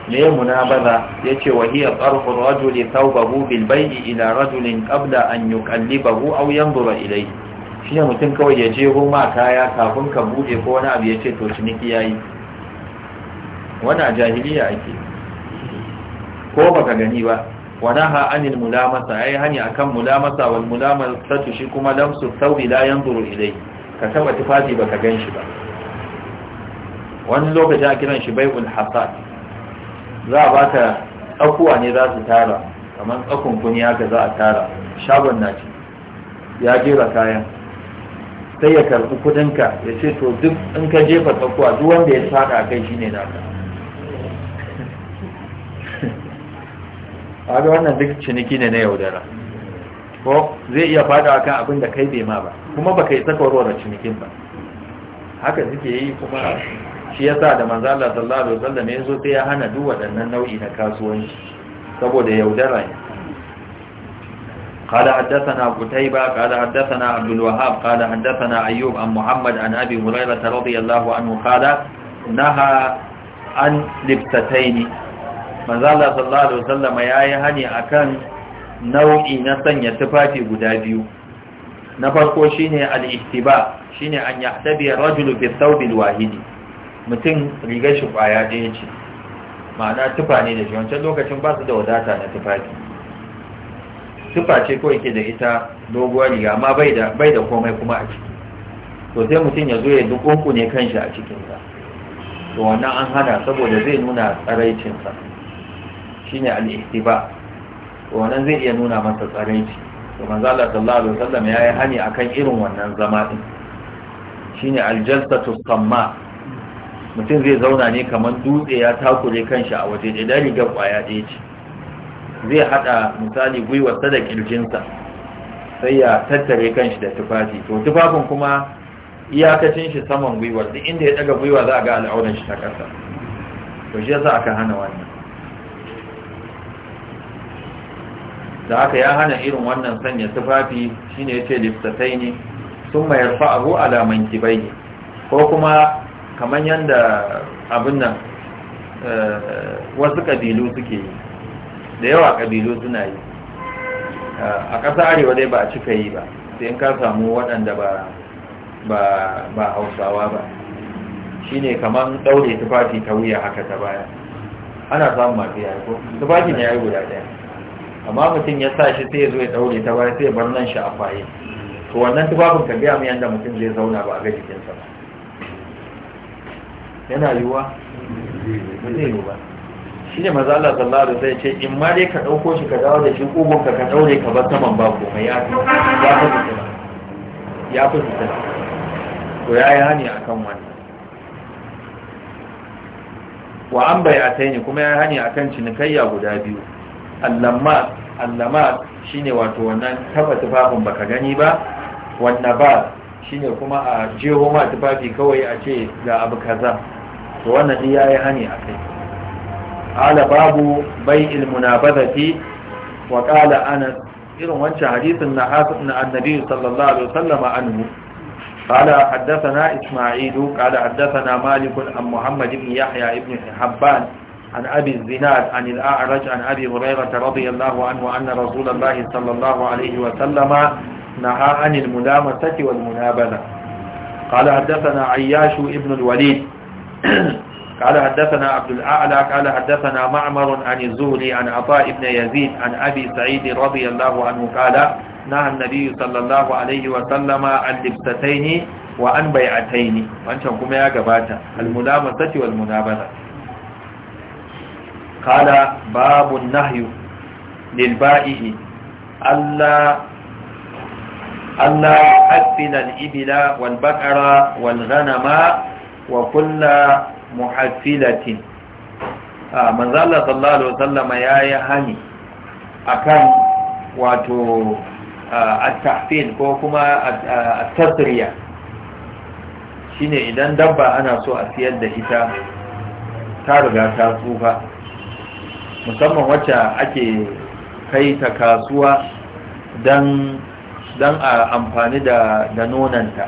ليه منابذة يتي وهي طرف الرجل ثوبه بالبيع إلى رجل قبل أن يكلبه أو ينظر إليه shine mutum kawai ya je goma kaya kafin ka buɗe ko wani abu ya ce to ciniki yayi wannan jahiliya ake ko baka gani ba wa naha anil mulamasa yayi hani akan mulamasa wal mulamasa shi kuma lamsu thawbi la yanzuru ilai ka taba tufafi baka gan shi ba wani lokaci a kiran shi bai'ul hasad za a baka tsakuwa ne za su tara kamar tsakon kuni haka za a tara shagon na ce ya jera kayan sai ya karbi kudinka ya ce to duk in ka jefa tsakuwa duk wanda ya sada kai shine naka kaga wannan duk ciniki ne na yau da zai iya fada kan abin da kai bai ma ba kuma baka yi saka ruwa cinikin ba haka suke yi kuma shi yasa da manzo Allah sallallahu alaihi wasallam ya sai ya hana du wadannan nau'i na kasuwanci saboda yaudara ne kada kutaiba qutaiba kada haddathana abdul wahhab kada haddathana ayyub an muhammad an abi hurairah radiyallahu anhu kada naha an libtataini manzala sallallahu alaihi wasallam ya yi hani akan nau'i na sanya tufafi guda biyu na farko shine al-ihtiba shine an yahtabi rajulu bi al wahidi mutum rigar shi kwaya ɗaya ce ma'ana tufa ne da shi wancan lokacin ba su da wadata na tufafi tufa ce kawai ke da ita doguwar riga amma bai da komai kuma a ciki to sai mutum ya zo ya dukunku ne kanshi a cikinsa to wannan an hana saboda zai nuna tsaraicinsa shine al-ihtiba wannan zai iya nuna masa tsaraici to manzo Allah sallallahu alaihi wasallam ya yi hani akan irin wannan zama din shine al-jalsatu samma mutum zai zauna ne kamar dutse ya takure kanshi a waje da dan rigar kwaya ɗaya ce zai hada misali gwiwarsa da kirjinsa sai ya tattare kanshi da tufafi to tufafin kuma iyakacin shi saman gwiwar duk inda ya daga gwiwa za a ga al'auran shi ta ƙasa to shi yasa aka hana wannan da haka ya hana irin wannan sanya tufafi shine yace liftataini thumma yarfa'uhu ala mankibaihi ko kuma kaman yanda abin nan eh, wasu kabilu suke yi da yawa kabilu suna yi eh, a ƙasa arewa dai ba a cika yi ba sai in ka samu waɗanda ba ba hausawa ba shine kaman ɗaure tufafi ta wuya haka ta baya ana samun mafi ko tufafi ne yi guda ɗaya amma mutum ya sa shi sai zo ya daure ta baya sai bar nan shi a faye to wannan tufafin ka biya mu yanda mutum zai zauna ba a ga jikinsa ba yana yiwuwa ba zai yiwu ba shi ne maza Allah sallallahu alaihi wasallam ce in ma dai ka dauko shi ka dawo da shi kugun ka ka daure ka bar saman ba Mai ya fi ya fi fitina ya fi fitina to ya yi hani akan wannan wa an bai a kuma ya yi hani akan cinikayya guda biyu allamat allamat shine wato wannan taba tufafin baka gani ba wanda ba shine kuma a jeho ma tufafi kawai a ce ga abu kaza to wannan din yayi hani akai ala babu bai'il munabadati wa qala anas irin wancan hadisin na hasan na annabi sallallahu alaihi wasallam anhu قال حدثنا isma'ilu قال حدثنا مالك عن محمد بن Yahya, بن حبان عن أبي الزناد عن الأعرج عن أبي هريرة رضي الله عنه أن رسول الله صلى الله عليه وسلم نهى عن الملامسة والمنابلة قال حدثنا عياش ابن الوليد قال حدثنا عبد الأعلى قال حدثنا معمر عن الزهري عن عطاء بن يزيد عن أبي سعيد رضي الله عنه قال نهى النبي صلى الله عليه وسلم عن لبستين وعن بيعتين وأنتم كما يا الملامسة والمنابلة قال باب النهي للبائع الا ibila walbakara الابل والبقر والغنم وكل محفله من صلى الله عليه وسلم يا يهني akan wato a tafin ko kuma a shine idan dabba ana so a siyar da ita ta riga ta tsufa musamman wacce ake kai ta kasuwa don a amfani da nonanta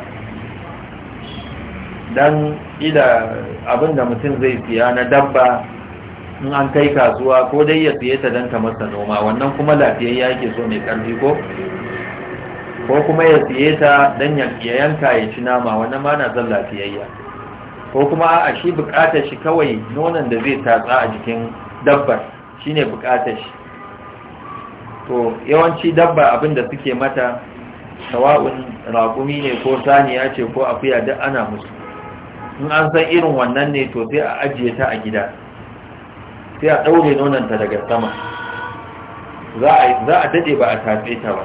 don ida abinda mutum zai siya na dabba in an kai kasuwa ko dai ya siye ta don ta masa noma wannan kuma lafiyayya yake so mai ƙarfi ko ko kuma ya siye ta don ya yanka ya ci nama wannan ma na zan lafiyayya ko kuma a shi bukatar shi kawai nonon da zai tatsa a jikin dabbar Shi ne bukatar shi to yawanci dabba abinda suke mata sawa'un raƙumi ne ko saniya ce ko akuya duk ana musu in an san irin wannan ne to sai a ajiye ta a gida sai a ɗaure ta daga sama za a daɗe ba a tafe ta ba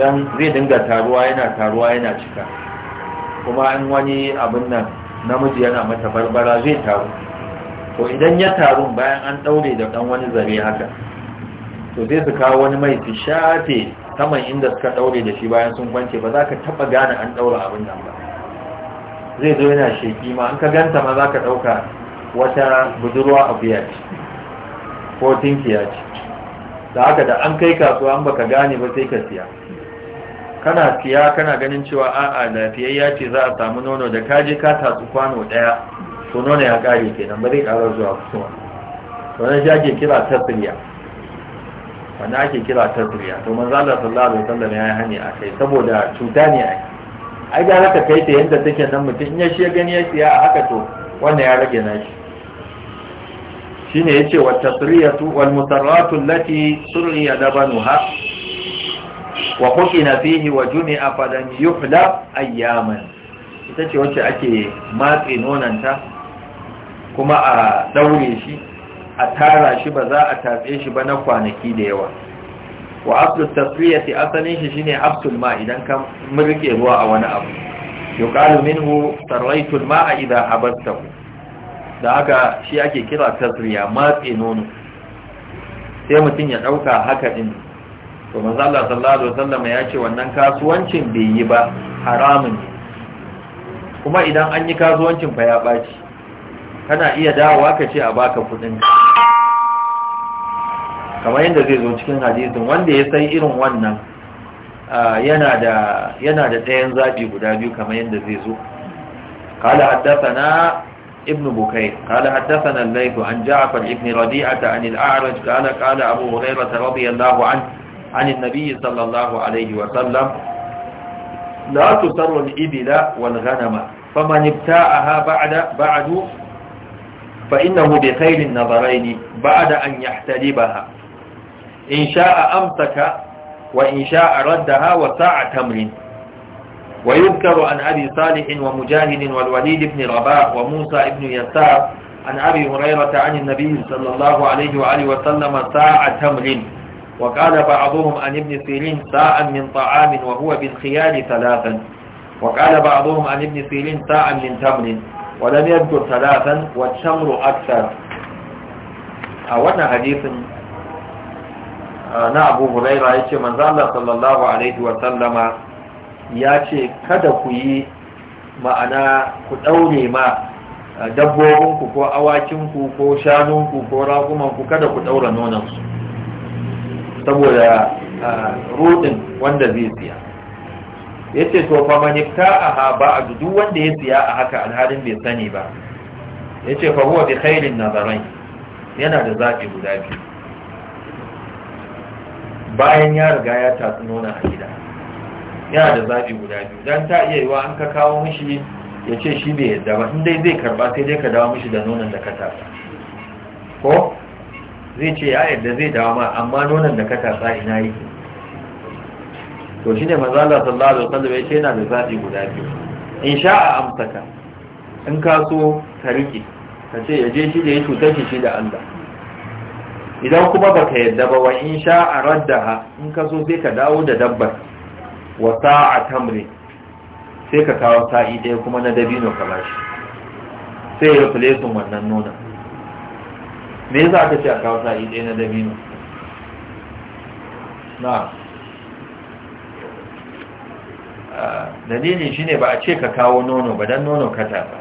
don zai dinga taruwa yana taruwa yana cika kuma in wani abin nan namiji yana mata barbara zai taru to idan ya taru bayan an ɗaure da dan wani zare haka to sai su kawo wani mai su shafe saman inda suka ɗaure da shi bayan sun kwance ba za ka taba gane an daura abin nan ba zai zo yana sheki ma an ka ganta ma za ka dauka wata budurwa abu ya ce ko tinkiya ce da haka da an kai kasuwa an baka gane ba sai ka siya kana siya kana ganin cewa a'a lafiyayya ce za a samu nono da ka je ka tatsu kwano daya to nuna ya kare kenan ba zai karar zuwa kusuma wannan shi ake kira tasiriya wannan ake kira tasiriya to manzo Allah sallallahu alaihi wasallam ya yi hanyar a kai saboda cuta ne ake. ai ga haka kai ta yadda take nan mutum in ya shi gani ya siya a haka to wannan ya rage na nashi shine ce wa su wal musarratu allati surriya nuha wa na fihi wa fadan Yuhu yuhla ayyaman ita ce wacce ake matsi nonanta kuma a daure shi a tara shi ba za a tatse shi ba na kwanaki da yawa wa aslu tasfiyati asalin shi shine aftul ma idan ka murke ruwa a wani abu yuqalu minhu taraytu al-ma'a idha habastahu da haka shi ake kira tasriya matse nono sai mutum ya dauka haka din to manzo Allah sallallahu alaihi wasallam ya ce wannan kasuwancin bai yi ba haramun kuma idan an yi kasuwancin fa ya baci kana iya dawowa ka ce a baka kuɗin? kamar yadda zai zo cikin hadisin wanda ya sayi irin wannan yana da ɗayan zafi guda biyu kamar yadda zai zo kala haddasa na ibn bukai kala haddasa na laifu an ja'afar ibn radi'a ta an il'arar kala kala abu hulaira ta radiyallahu an an nabi sallallahu alaihi wa sallam la tusarru al-ibila wal ghanama faman ibta'aha ba'da ba'du فإنه بخير النظرين بعد أن يحتلبها إن شاء أمسك وإن شاء ردها وساع تمر ويذكر عن أبي صالح ومجاهد والوليد بن رباح وموسى بن يسار عن أبي هريرة عن النبي صلى الله عليه وآله وسلم ساع تمر وقال بعضهم عن ابن سيرين ساعا من طعام وهو بالخيار ثلاثا وقال بعضهم عن ابن سيرين ساعا من تمر ولم يذكر ثلاثا والتمر أكثر أولا حديث na abu huraira ya ce manzala sallallahu alaihi wasallama ya ce kada ku yi ma'ana ku ɗaure ma dabbobinku ko awakinku ko shanunku ko ragumanku kada ku ɗaura nonansu saboda rudin wanda zai siya yace to fa man ikta'aha a duk wanda ya siya a haka alhalin bai sani ba yace fa huwa bi khairin nazarin? yana da zafi guda biyu bayan ya riga ya tatsi nona a gida yana da zafi guda biyu dan ta iya yiwa an ka kawo mishi yace shi bai yadda ba in dai zai karba sai dai ka dawo mishi da nonon da ka tatsa ko zai ce ya yadda zai dawo ma amma nonon da ka tatsa ina yake to shi ne Allah sallallahu alaihi wasallam ya ce yana da zafi guda biyu in sha'a amsaka in ka so ka rike ka ce ya je shi da ya cutar shi shi da Allah idan kuma baka yadda ba wa in radda ha, in ka so sai ka dawo da dabbar wa sa'a tamri sai ka kawo sa'i ɗaya kuma na dabino ka bashi sai ya fule sun wannan nuna me yasa aka ce a kawo sa'i ɗaya na dabino na dalilin shine ba a ce ka kawo nono ba don nono ka tafa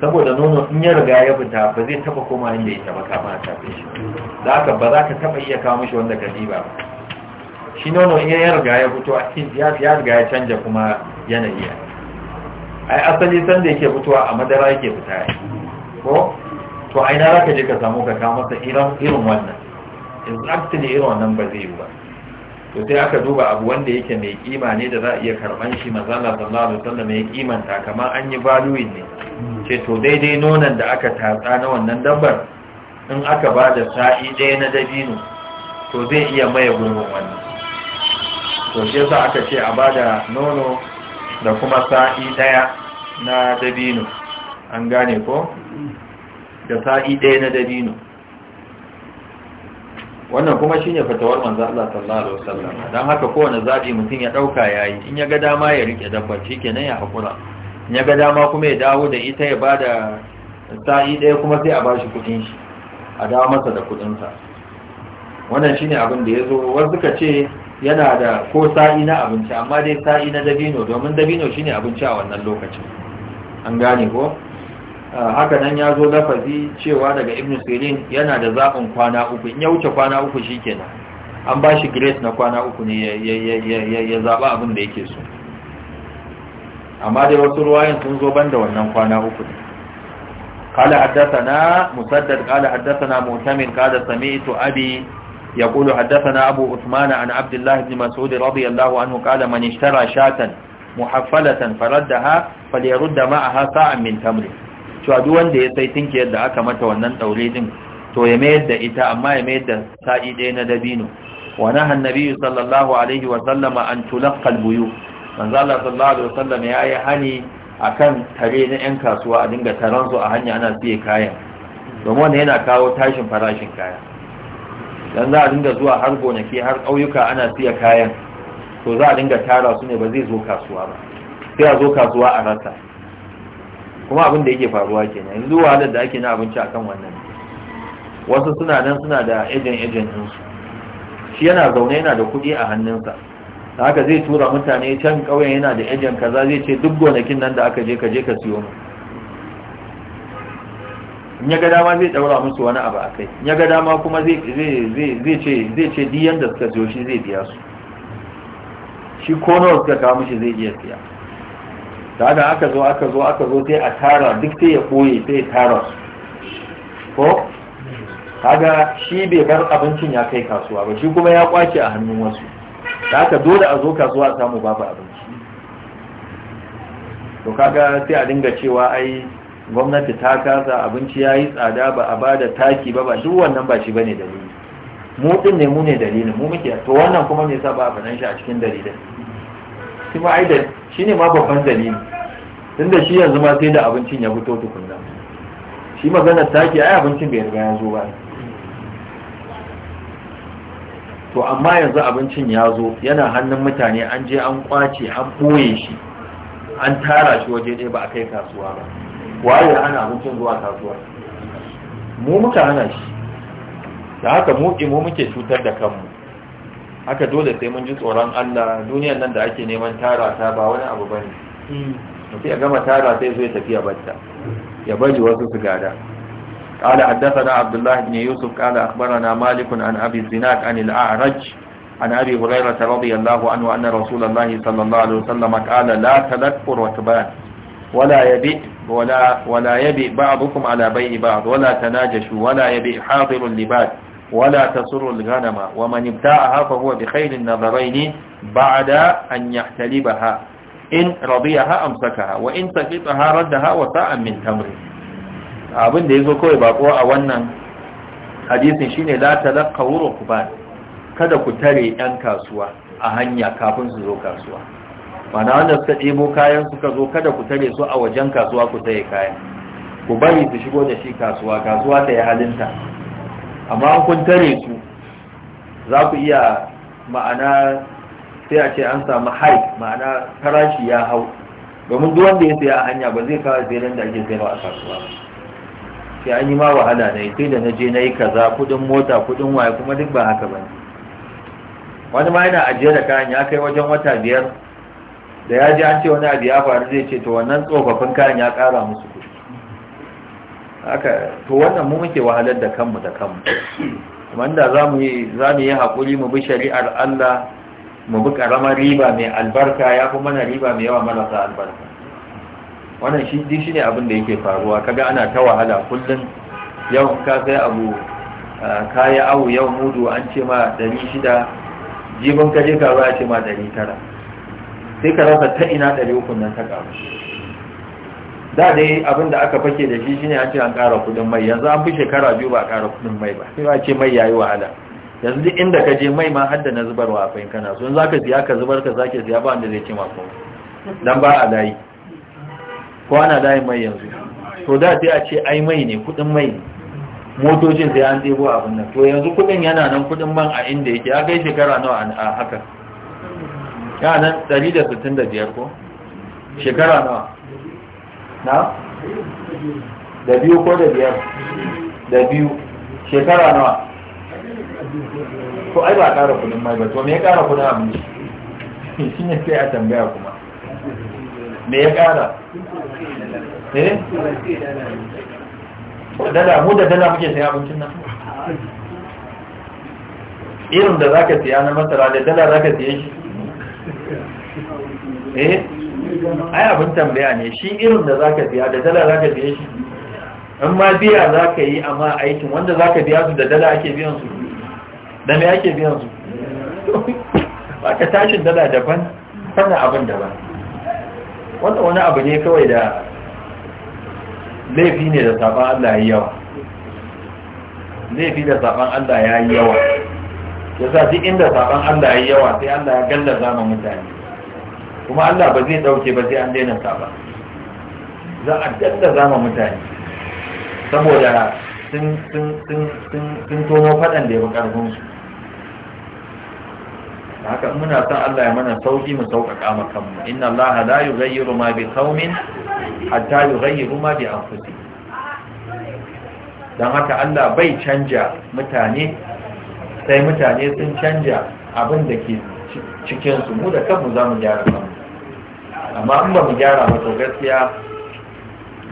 saboda nono in ya riga ya fita ba zai taba koma inda ya taba kama a tafe shi da haka ba za ka taba iya kawo mishi wanda ka ba shi nono in ya riga ya fito a cikin ya riga ya canja kuma yanayi ai asali san da yake fitowa a madara yake fita ko to aina za ka je ka samu ka kawo masa irin wannan exactly irin wannan ba zai yi ba to sai aka duba abu wanda yake mai kima ne da za a iya karban shi manzala sallallahu alaihi wasallam mai kimanta kamar an yi valuing ne ce to daidai nonon da aka tatsa na wannan dabbar in aka ba da sa'i ɗaya na dabino to zai iya maye gurbin wannan to sai za aka ce a ba da nono da kuma sa'i ɗaya na dabino an gane ko da sa'i ɗaya na dabino wannan kuma shine fatawar manzo Allah sallallahu alaihi wasallam dan haka kowane zabi mutum ya dauka yayi in ya ga dama ya rike dabbar shikenan ya hakura in ya ga dama kuma ya dawo da ita ya bada sa'i ɗaya kuma sai a bashi kudin shi a dawo masa da kudin sa wannan shine abin da yazo wasu suka ce yana da ko sa'i na abinci amma dai sa'i na dabino domin dabino shine abinci a wannan lokacin an gane ko Ah, haka nan ya zo lafazi cewa daga ibnu sirin yana da zaɓin kwana uku in ya wuce kwana uku shi kenan an ba shi grace na kwana uku ne ya zaɓa abin da yake so amma dai wasu ruwayan sun zo ban da wannan kwana uku ne kala haddasa na musaddad kala haddasa na mutamin kala sami ito abi ya kulu haddasa na abu usmana an abdullahi ibn masud radiyallahu anhu kala man ishtara shatan muhaffalatan faradda ha fal a ma'aha sa'an min tamrin cewa duk wanda ya sai tinke yadda aka mata wannan daure din to ya mayar da ita amma ya mayar da sa'i ɗaya na dabino wa naha annabi sallallahu alaihi wa sallama an tulaqqa albuyu manzo Allah sallallahu alaihi wa sallam ya yi hani akan tare na yan kasuwa a dinga taron su a hanya ana siye kayan domin wannan yana kawo tashin farashin kaya dan za a dinga zuwa har gonaki har ƙauyuka ana siya kayan to za a dinga tara su ne ba zai zo kasuwa ba sai a zo kasuwa a rasa kuma abin da yake faruwa kenan yanzu wahalar da ake na abinci akan wannan wasu suna nan suna da ejen ejen ɗinsu shi yana zaune yana da kuɗi a hannunsa haka zai tura mutane can ƙauyen yana da ejen kaza zai ce duk gonakin nan da aka je ka je ka siyo mu in ya ga dama zai ɗaura musu wani abu a kai in ya ga dama kuma zai ce zai ce diyan da suka siyo shi zai biya su shi ko nawa suka kawo mishi zai iya siya da haka aka zo aka zo aka zo sai a tara duk sai ya koye sai ya tara su ko kaga shi bai bar abincin ya kai kasuwa ba shi kuma ya kwace a hannun wasu da haka dole a zo kasuwa a samu babu abinci to kaga sai a dinga cewa ai gwamnati ta kasa abinci ya yi tsada ba a ba da taki ba ba duk wannan ba shi ba ne dalili mu ɗin ne mu ne dalilin mu muke to wannan kuma me yasa ba a faɗan shi a cikin dalilin shi ma aida shi ne ma babban dalili tun da shi yanzu ma sai da abincin ya fito tukunna shi maganar ke ai abincin bai riga ya zo ba to amma yanzu abincin ya zo yana hannun mutane an je an kwace an boye shi an tara shi waje ɗaya ba a kai kasuwa ba waye hana abincin zuwa kasuwa mu muka hana shi da haka mu muke cutar da kanmu Haka dole sai mun ji tsoron Allah. Duniyar nan da ake neman tara ta ba wani abu ba ne. Hmm. Mutum ya gama tara sai zuya tafiya bata. Ya baji wasu su gada. Ƙali Addasa na Abdullahi Yusuf ƙalla Asbara na malamin ana abin zina a kan yi la'a raj a Anhu a annar sallallahu alaihi wa sallam, la talaqa ruwa ta Wala ya bi ba abin alabai ne ba, dole ta na wala ya bi a ولا تسر الغنم ومن ابتاعها فهو بخير النظرين بعد أن يحتلبها إن رضيها أمسكها وإن سكتها ردها وساء من تمر abin da ya zo kawai bako a wannan hadisin shine la talaqaw rukban kada ku tare yan kasuwa a hanya kafin su zo kasuwa Bana wanda suka ɗebo kayan suka zo kada ku tare su a wajen kasuwa ku saye kayan ku bari su shigo da shi kasuwa kasuwa ta yi halinta amma an kun tare su za ku iya ma'ana sai a ce an samu haif ma'ana farashi ya hau domin duk wanda ya saya a hanya ba zai kawo zirin da ake sayarwa a kasuwa sai an yi ma wahala na sai da na je na yi kaza kudin mota kudin waye kuma duk ba haka ba wani ma yana ajiye da kayan ya kai wajen wata biyar da ya ji an ce wani abu ya faru zai ce to wannan tsofaffin kayan ya kara musu kuɗi? haka to wannan mu muke wahalar da kanmu da kanmu wanda zamu za mu yi hakuri mu bi shari'ar Allah mu bi karamar riba mai albarka ya fi mana riba mai yawa marasa albarka wannan shi din shi abin da yake faruwa kaga ana ta wahala kullum yau ka sai abu kaya au yau mudu an ce ma ɗari shida jibin kaje ka ba ce ma ɗari tara sai ka rasa ta ina ɗari uku nan ta ƙaru da dai abin da aka fake da shi shine an ce an ƙara kudin mai yanzu an fi shekara biyu ba a ƙara kudin mai ba sai ba ce mai yayi wahala yanzu duk inda ka je mai ma har da na zubarwa a fahimta na sun zaka siya ka zubar ka zake siya ba wanda zai ce mako dan ba a layi ko ana layin mai yanzu to da sai a ce ai mai ne kudin mai motocin sai an ɗebo abin nan to yanzu kudin yana nan kudin man a inda yake ya kai shekara nawa a haka ya nan 165 ko shekara nawa na da biyu ko da biyar da biyu shekara nawa to ai ba ƙara kudin mai ba to me ya ƙara kudin abinci shi ne sai a tambaya kuma me ya ƙara eh dala mu da dala muke sayan abincin nan irin da zaka siya na masara da dala zaka siya shi eh ai abin tambaya ne shi irin da zaka biya da dala zaka biya shi in ma biya zaka yi amma aikin wanda zaka biya su da dala ake biyan su da me ake biyan su ba ka tashin dala daban sannan abin daban wanda wani abu ne kawai da laifi ne da saban Allah ya yi yawa laifi da saban Allah ya yi yawa yasa duk inda saban Allah ya yi yawa sai Allah ya gallaza mu mutane kuma Allah ba zai dauke ba sai an daina ba za a danda zama mutane saboda sun sun sun sun sun tono fadan da ya bi karfin su haka muna son Allah ya mana sauki mu sauƙaƙa mu kanmu inna Allah la yughayyiru ma bi qaumin hatta yughayyiru ma bi anfusihim dan haka Allah bai canja mutane sai mutane sun canja abin da ke cikin su mu da kanmu za mu gyara kanmu amma in ba mu gyara ba to gaskiya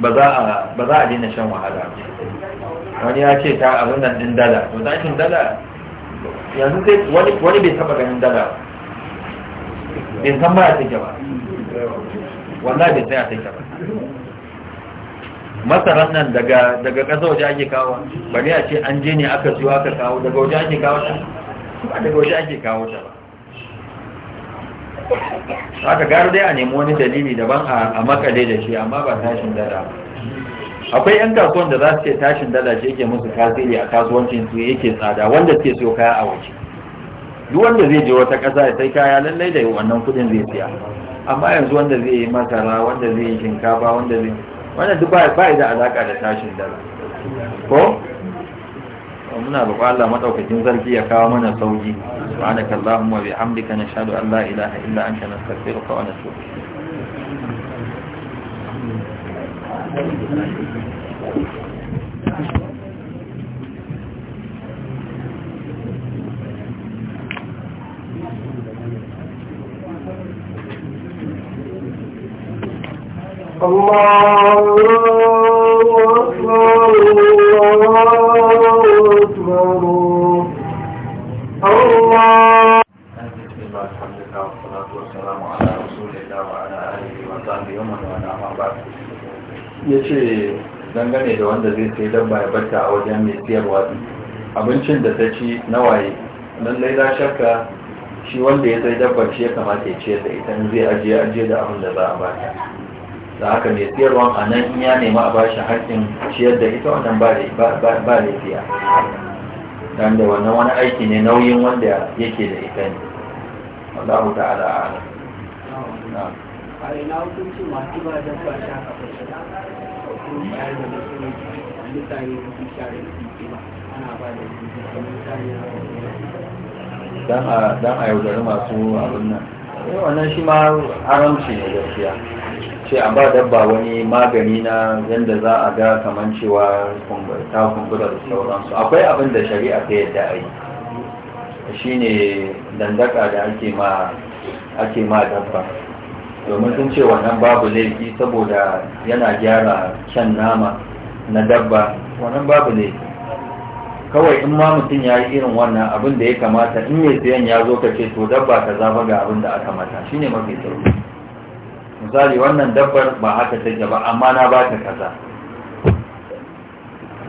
ba za a daina shan wahala wani ya ce ta abin nan din dala to tashin dala yanzu sai wani bai saba ganin dala bai san ba sai take ba wallahi bai sai a take ba masarar nan daga daga ƙasa waje ake kawo bari a ce an je ne aka siyo aka kawo daga waje ake kawo ta ba daga waje ake kawo ta ba haka gara dai a nemi wani dalili daban a makale da shi amma ba tashin dala akwai yan kasuwan da za su ce tashin dala shi yake musu tasiri a kasuwancin su yake tsada wanda ke siyo kaya a waje duk wanda zai je wata ƙasa ya sai kaya lallai da wannan kuɗin zai siya amma yanzu wanda zai yi masara wanda zai yi shinkafa wanda zai wannan duk ba da alaka da tashin dala ko muna roƙon Allah madaukakin zargi ya kawo mana sauki subhanaka allahumma bihamdika nashhadu an la ilaha illa anta nastaghfiruka wa natubu Thank الله dangane da wanda zai sai dabba ya bata a wajen mai siyarwa abincin da ta ci na waye nan dai za shakka shi wanda ya sai dabbar shi ya kamata ya ciyar da ita in zai ajiye ajiye da abin da za a ta. da haka mai siyarwa a nan in ya nema a bashi haƙƙin ciyar da ita wannan ba laifiya don da wannan wani aiki ne nauyin wanda yake da ita ne wallahu ta'ala a'lam a ina hukunci masu ba dabba shaka fashe dan a yaudari masu abin nan eh, wannan shi ma haramci ne gaskiya ce a ba dabba wani magani na yadda za a ga kaman cewa ta kumbura da sauransu akwai abin da shari'a ta yadda a yi shi ne dandaka da ake ma dabba domin sun ce wannan babu laifi saboda yana gyara shan nama na dabba wannan babu laifi kawai in ma mutum ya yi irin wannan abin da ya kamata in mai sayan ya zo ka ce to dabba ka zafa ga abin da aka mata shine mafi sauki misali wannan dabbar ba haka take ba amma na ba ta kaza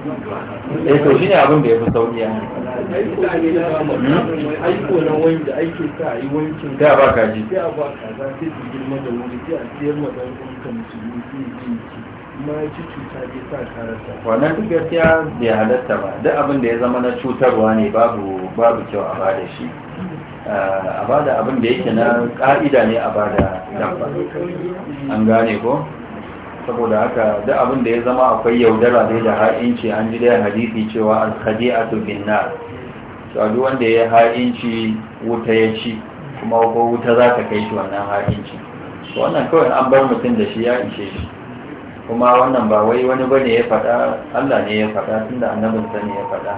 eh to shine abin da yafi sauki ya aiko na wani da sa a yi wankin hmm? da ba ka ji wannan duk gaskiya bai halatta ba duk abin da ya zama na cutarwa ne babu babu kyau a ba da shi eh, a ba da abin da yake na ka'ida ne a ba da dabba an gane ko saboda haka duk abin da ya zama akwai yaudara dai da ha'inci an ji dai hadisi cewa al-khadi'atu bin nar to duk wanda ya ha'inci wuta ya ci kuma ko wuta za ta kai shi wannan ha'inci to wannan kawai an bar mutum da shi ya ishe shi kuma wannan ba wai wani bane ya faɗa Allah ne ya faɗa tunda annabin sani ya faɗa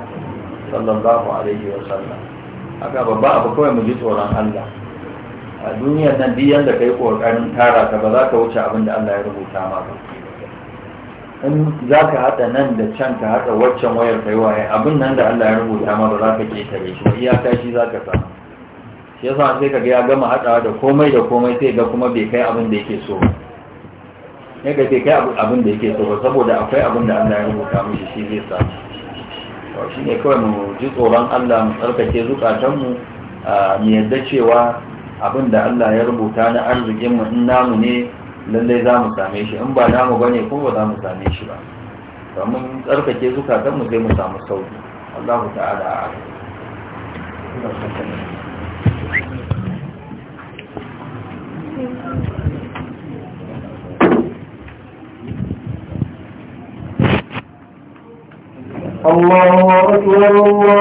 sallallahu alaihi wa sallam haka babba abu kawai mu ji tsoron Allah a duniyar nan duk yanda kai kokarin tara ka ba za ka wuce abin da Allah ya rubuta ma ba in za ka haɗa nan da can ka haɗa waccan wayar kai waye abin nan da Allah ya rubuta ma ba za ka tare shi ka shi za ka samu shi yasa sai ka ga ya gama haɗawa da komai da komai sai ga kuma bai kai abin da yake so ya ga bai kai abin da yake so ba saboda akwai abin da Allah ya rubuta mishi shi zai samu shi ne kawai mu ji tsoron Allah mu tsarkake zukatanmu mu yadda cewa abin da Allah ya rubuta na arzikin mu in namu ne lallai za mu same shi in ba namu ba ne kuma za mu same shi ba domin tsarkake zukatan mu sai mu samu sauki Allah ta'ala a الله أكبر الله